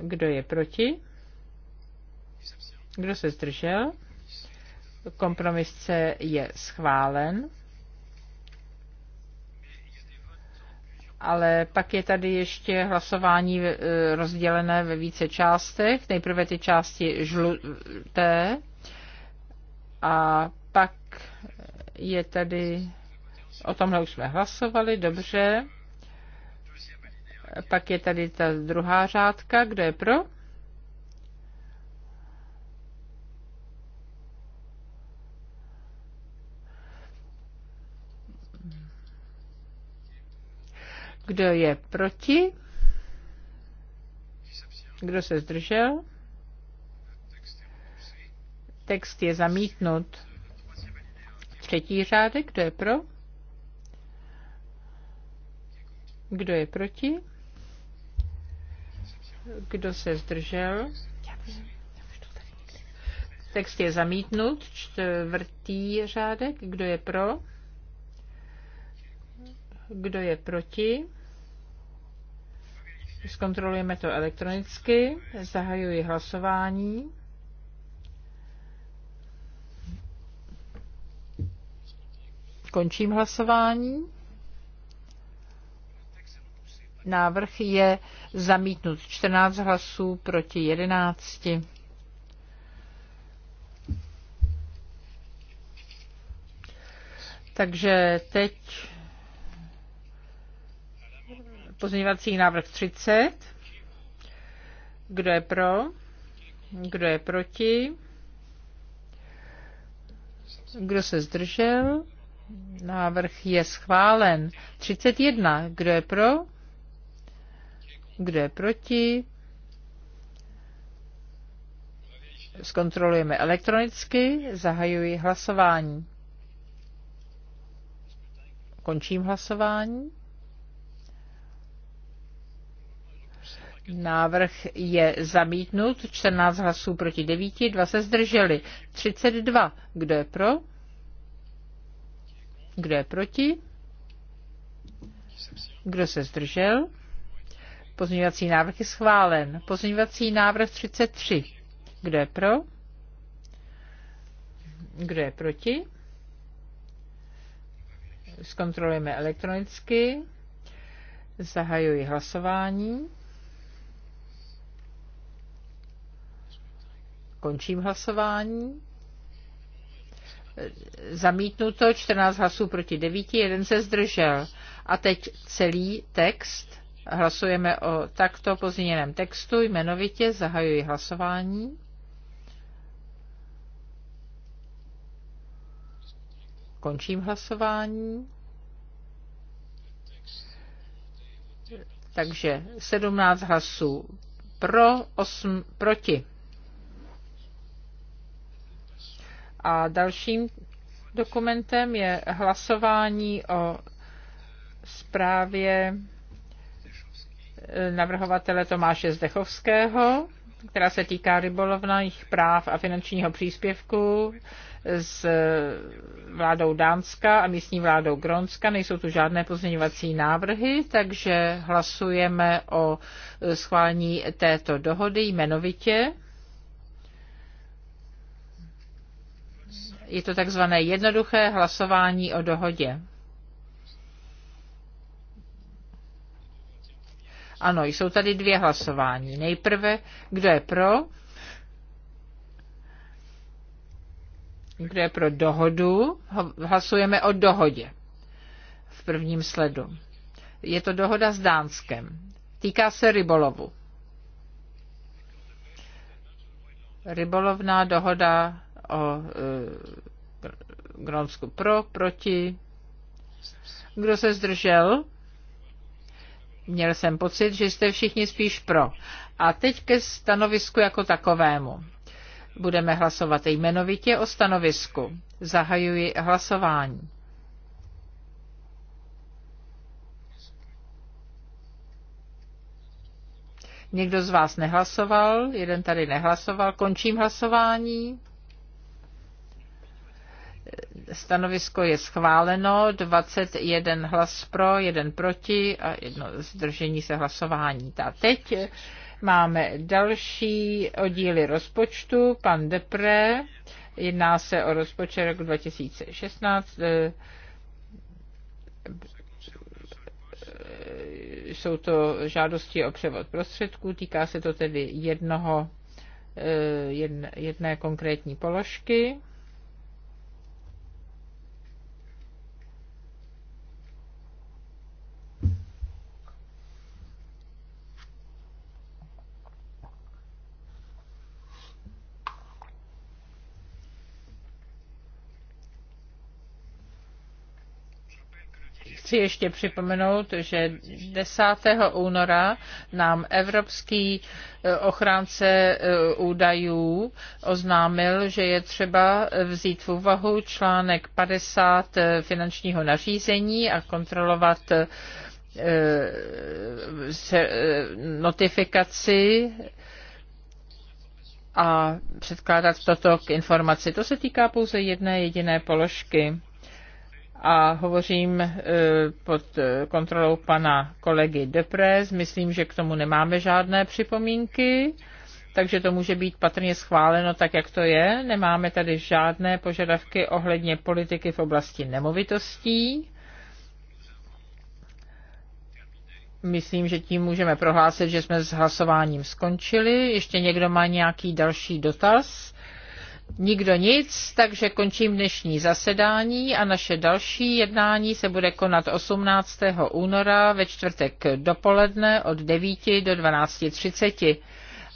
Kdo je proti? Kdo se zdržel? Kompromis C je schválen. ale pak je tady ještě hlasování e, rozdělené ve více částech. Nejprve ty části žluté a pak je tady, o tomhle už jsme hlasovali, dobře. Pak je tady ta druhá řádka, kdo je pro? Kdo je proti? Kdo se zdržel? Text je zamítnut. Třetí řádek, kdo je pro? Kdo je proti? Kdo se zdržel? Text je zamítnut. Čtvrtý řádek, kdo je pro? Kdo je proti? Zkontrolujeme to elektronicky. Zahajuji hlasování. Končím hlasování. Návrh je zamítnut 14 hlasů proti 11. Takže teď Pozměňovací návrh 30. Kdo je pro? Kdo je proti? Kdo se zdržel? Návrh je schválen. 31. Kdo je pro? Kdo je proti? Zkontrolujeme elektronicky. Zahajuji hlasování. Končím hlasování. Návrh je zamítnut, 14 hlasů proti 9, 2 se zdrželi. 32. Kdo je pro? Kdo je proti? Kdo se zdržel? Pozměňovací návrh je schválen. Pozměňovací návrh 33. Kdo je pro? Kdo je proti? Zkontrolujeme elektronicky. Zahajuji hlasování. Končím hlasování. Zamítnuto 14 hlasů proti 9, jeden se zdržel. A teď celý text. Hlasujeme o takto pozměněném textu. Jmenovitě zahajuji hlasování. Končím hlasování. Takže 17 hlasů pro, 8 proti. A dalším dokumentem je hlasování o zprávě eh, navrhovatele Tomáše Zdechovského, která se týká rybolovných práv a finančního příspěvku s eh, vládou Dánska a místní vládou Gronska. Nejsou tu žádné pozměňovací návrhy, takže hlasujeme o eh, schválení této dohody jmenovitě. Je to takzvané jednoduché hlasování o dohodě. Ano, jsou tady dvě hlasování. Nejprve, kdo je pro, kdo je pro dohodu, hlasujeme o dohodě v prvním sledu. Je to dohoda s Dánskem. Týká se rybolovu. Rybolovná dohoda o e, Grónsku pro, proti. Kdo se zdržel? Měl jsem pocit, že jste všichni spíš pro. A teď ke stanovisku jako takovému. Budeme hlasovat jmenovitě o stanovisku. Zahajuji hlasování. Někdo z vás nehlasoval, jeden tady nehlasoval. Končím hlasování. Stanovisko je schváleno, 21 hlas pro, 1 proti a jedno zdržení se hlasování. A teď máme další oddíly rozpočtu. Pan Depre, jedná se o rozpočet roku 2016. Eh, jsou to žádosti o převod prostředků, týká se to tedy jednoho, eh, jedné konkrétní položky. Chci ještě připomenout, že 10. února nám Evropský eh, ochránce eh, údajů oznámil, že je třeba vzít v úvahu článek 50 eh, finančního nařízení a kontrolovat notifikaci a předkládat toto k informaci. To se týká pouze jedné jediné položky a hovořím e, pod e, kontrolou pana kolegy Deprez. Myslím, že k tomu nemáme žádné připomínky, takže to může být patrně schváleno tak, jak to je. Nemáme tady žádné požadavky ohledně politiky v oblasti nemovitostí. Myslím, že tím můžeme prohlásit, že jsme s hlasováním skončili. Ještě někdo má nějaký další dotaz? Nikdo nic, takže končím dnešní zasedání a naše další jednání se bude konat 18. února ve čtvrtek dopoledne od 9 do 12.30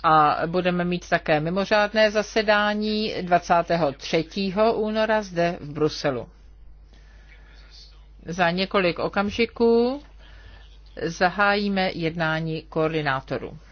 a budeme mít také mimořádné zasedání 23. února zde v Bruselu. Za několik okamžiků zahájíme jednání koordinátorů.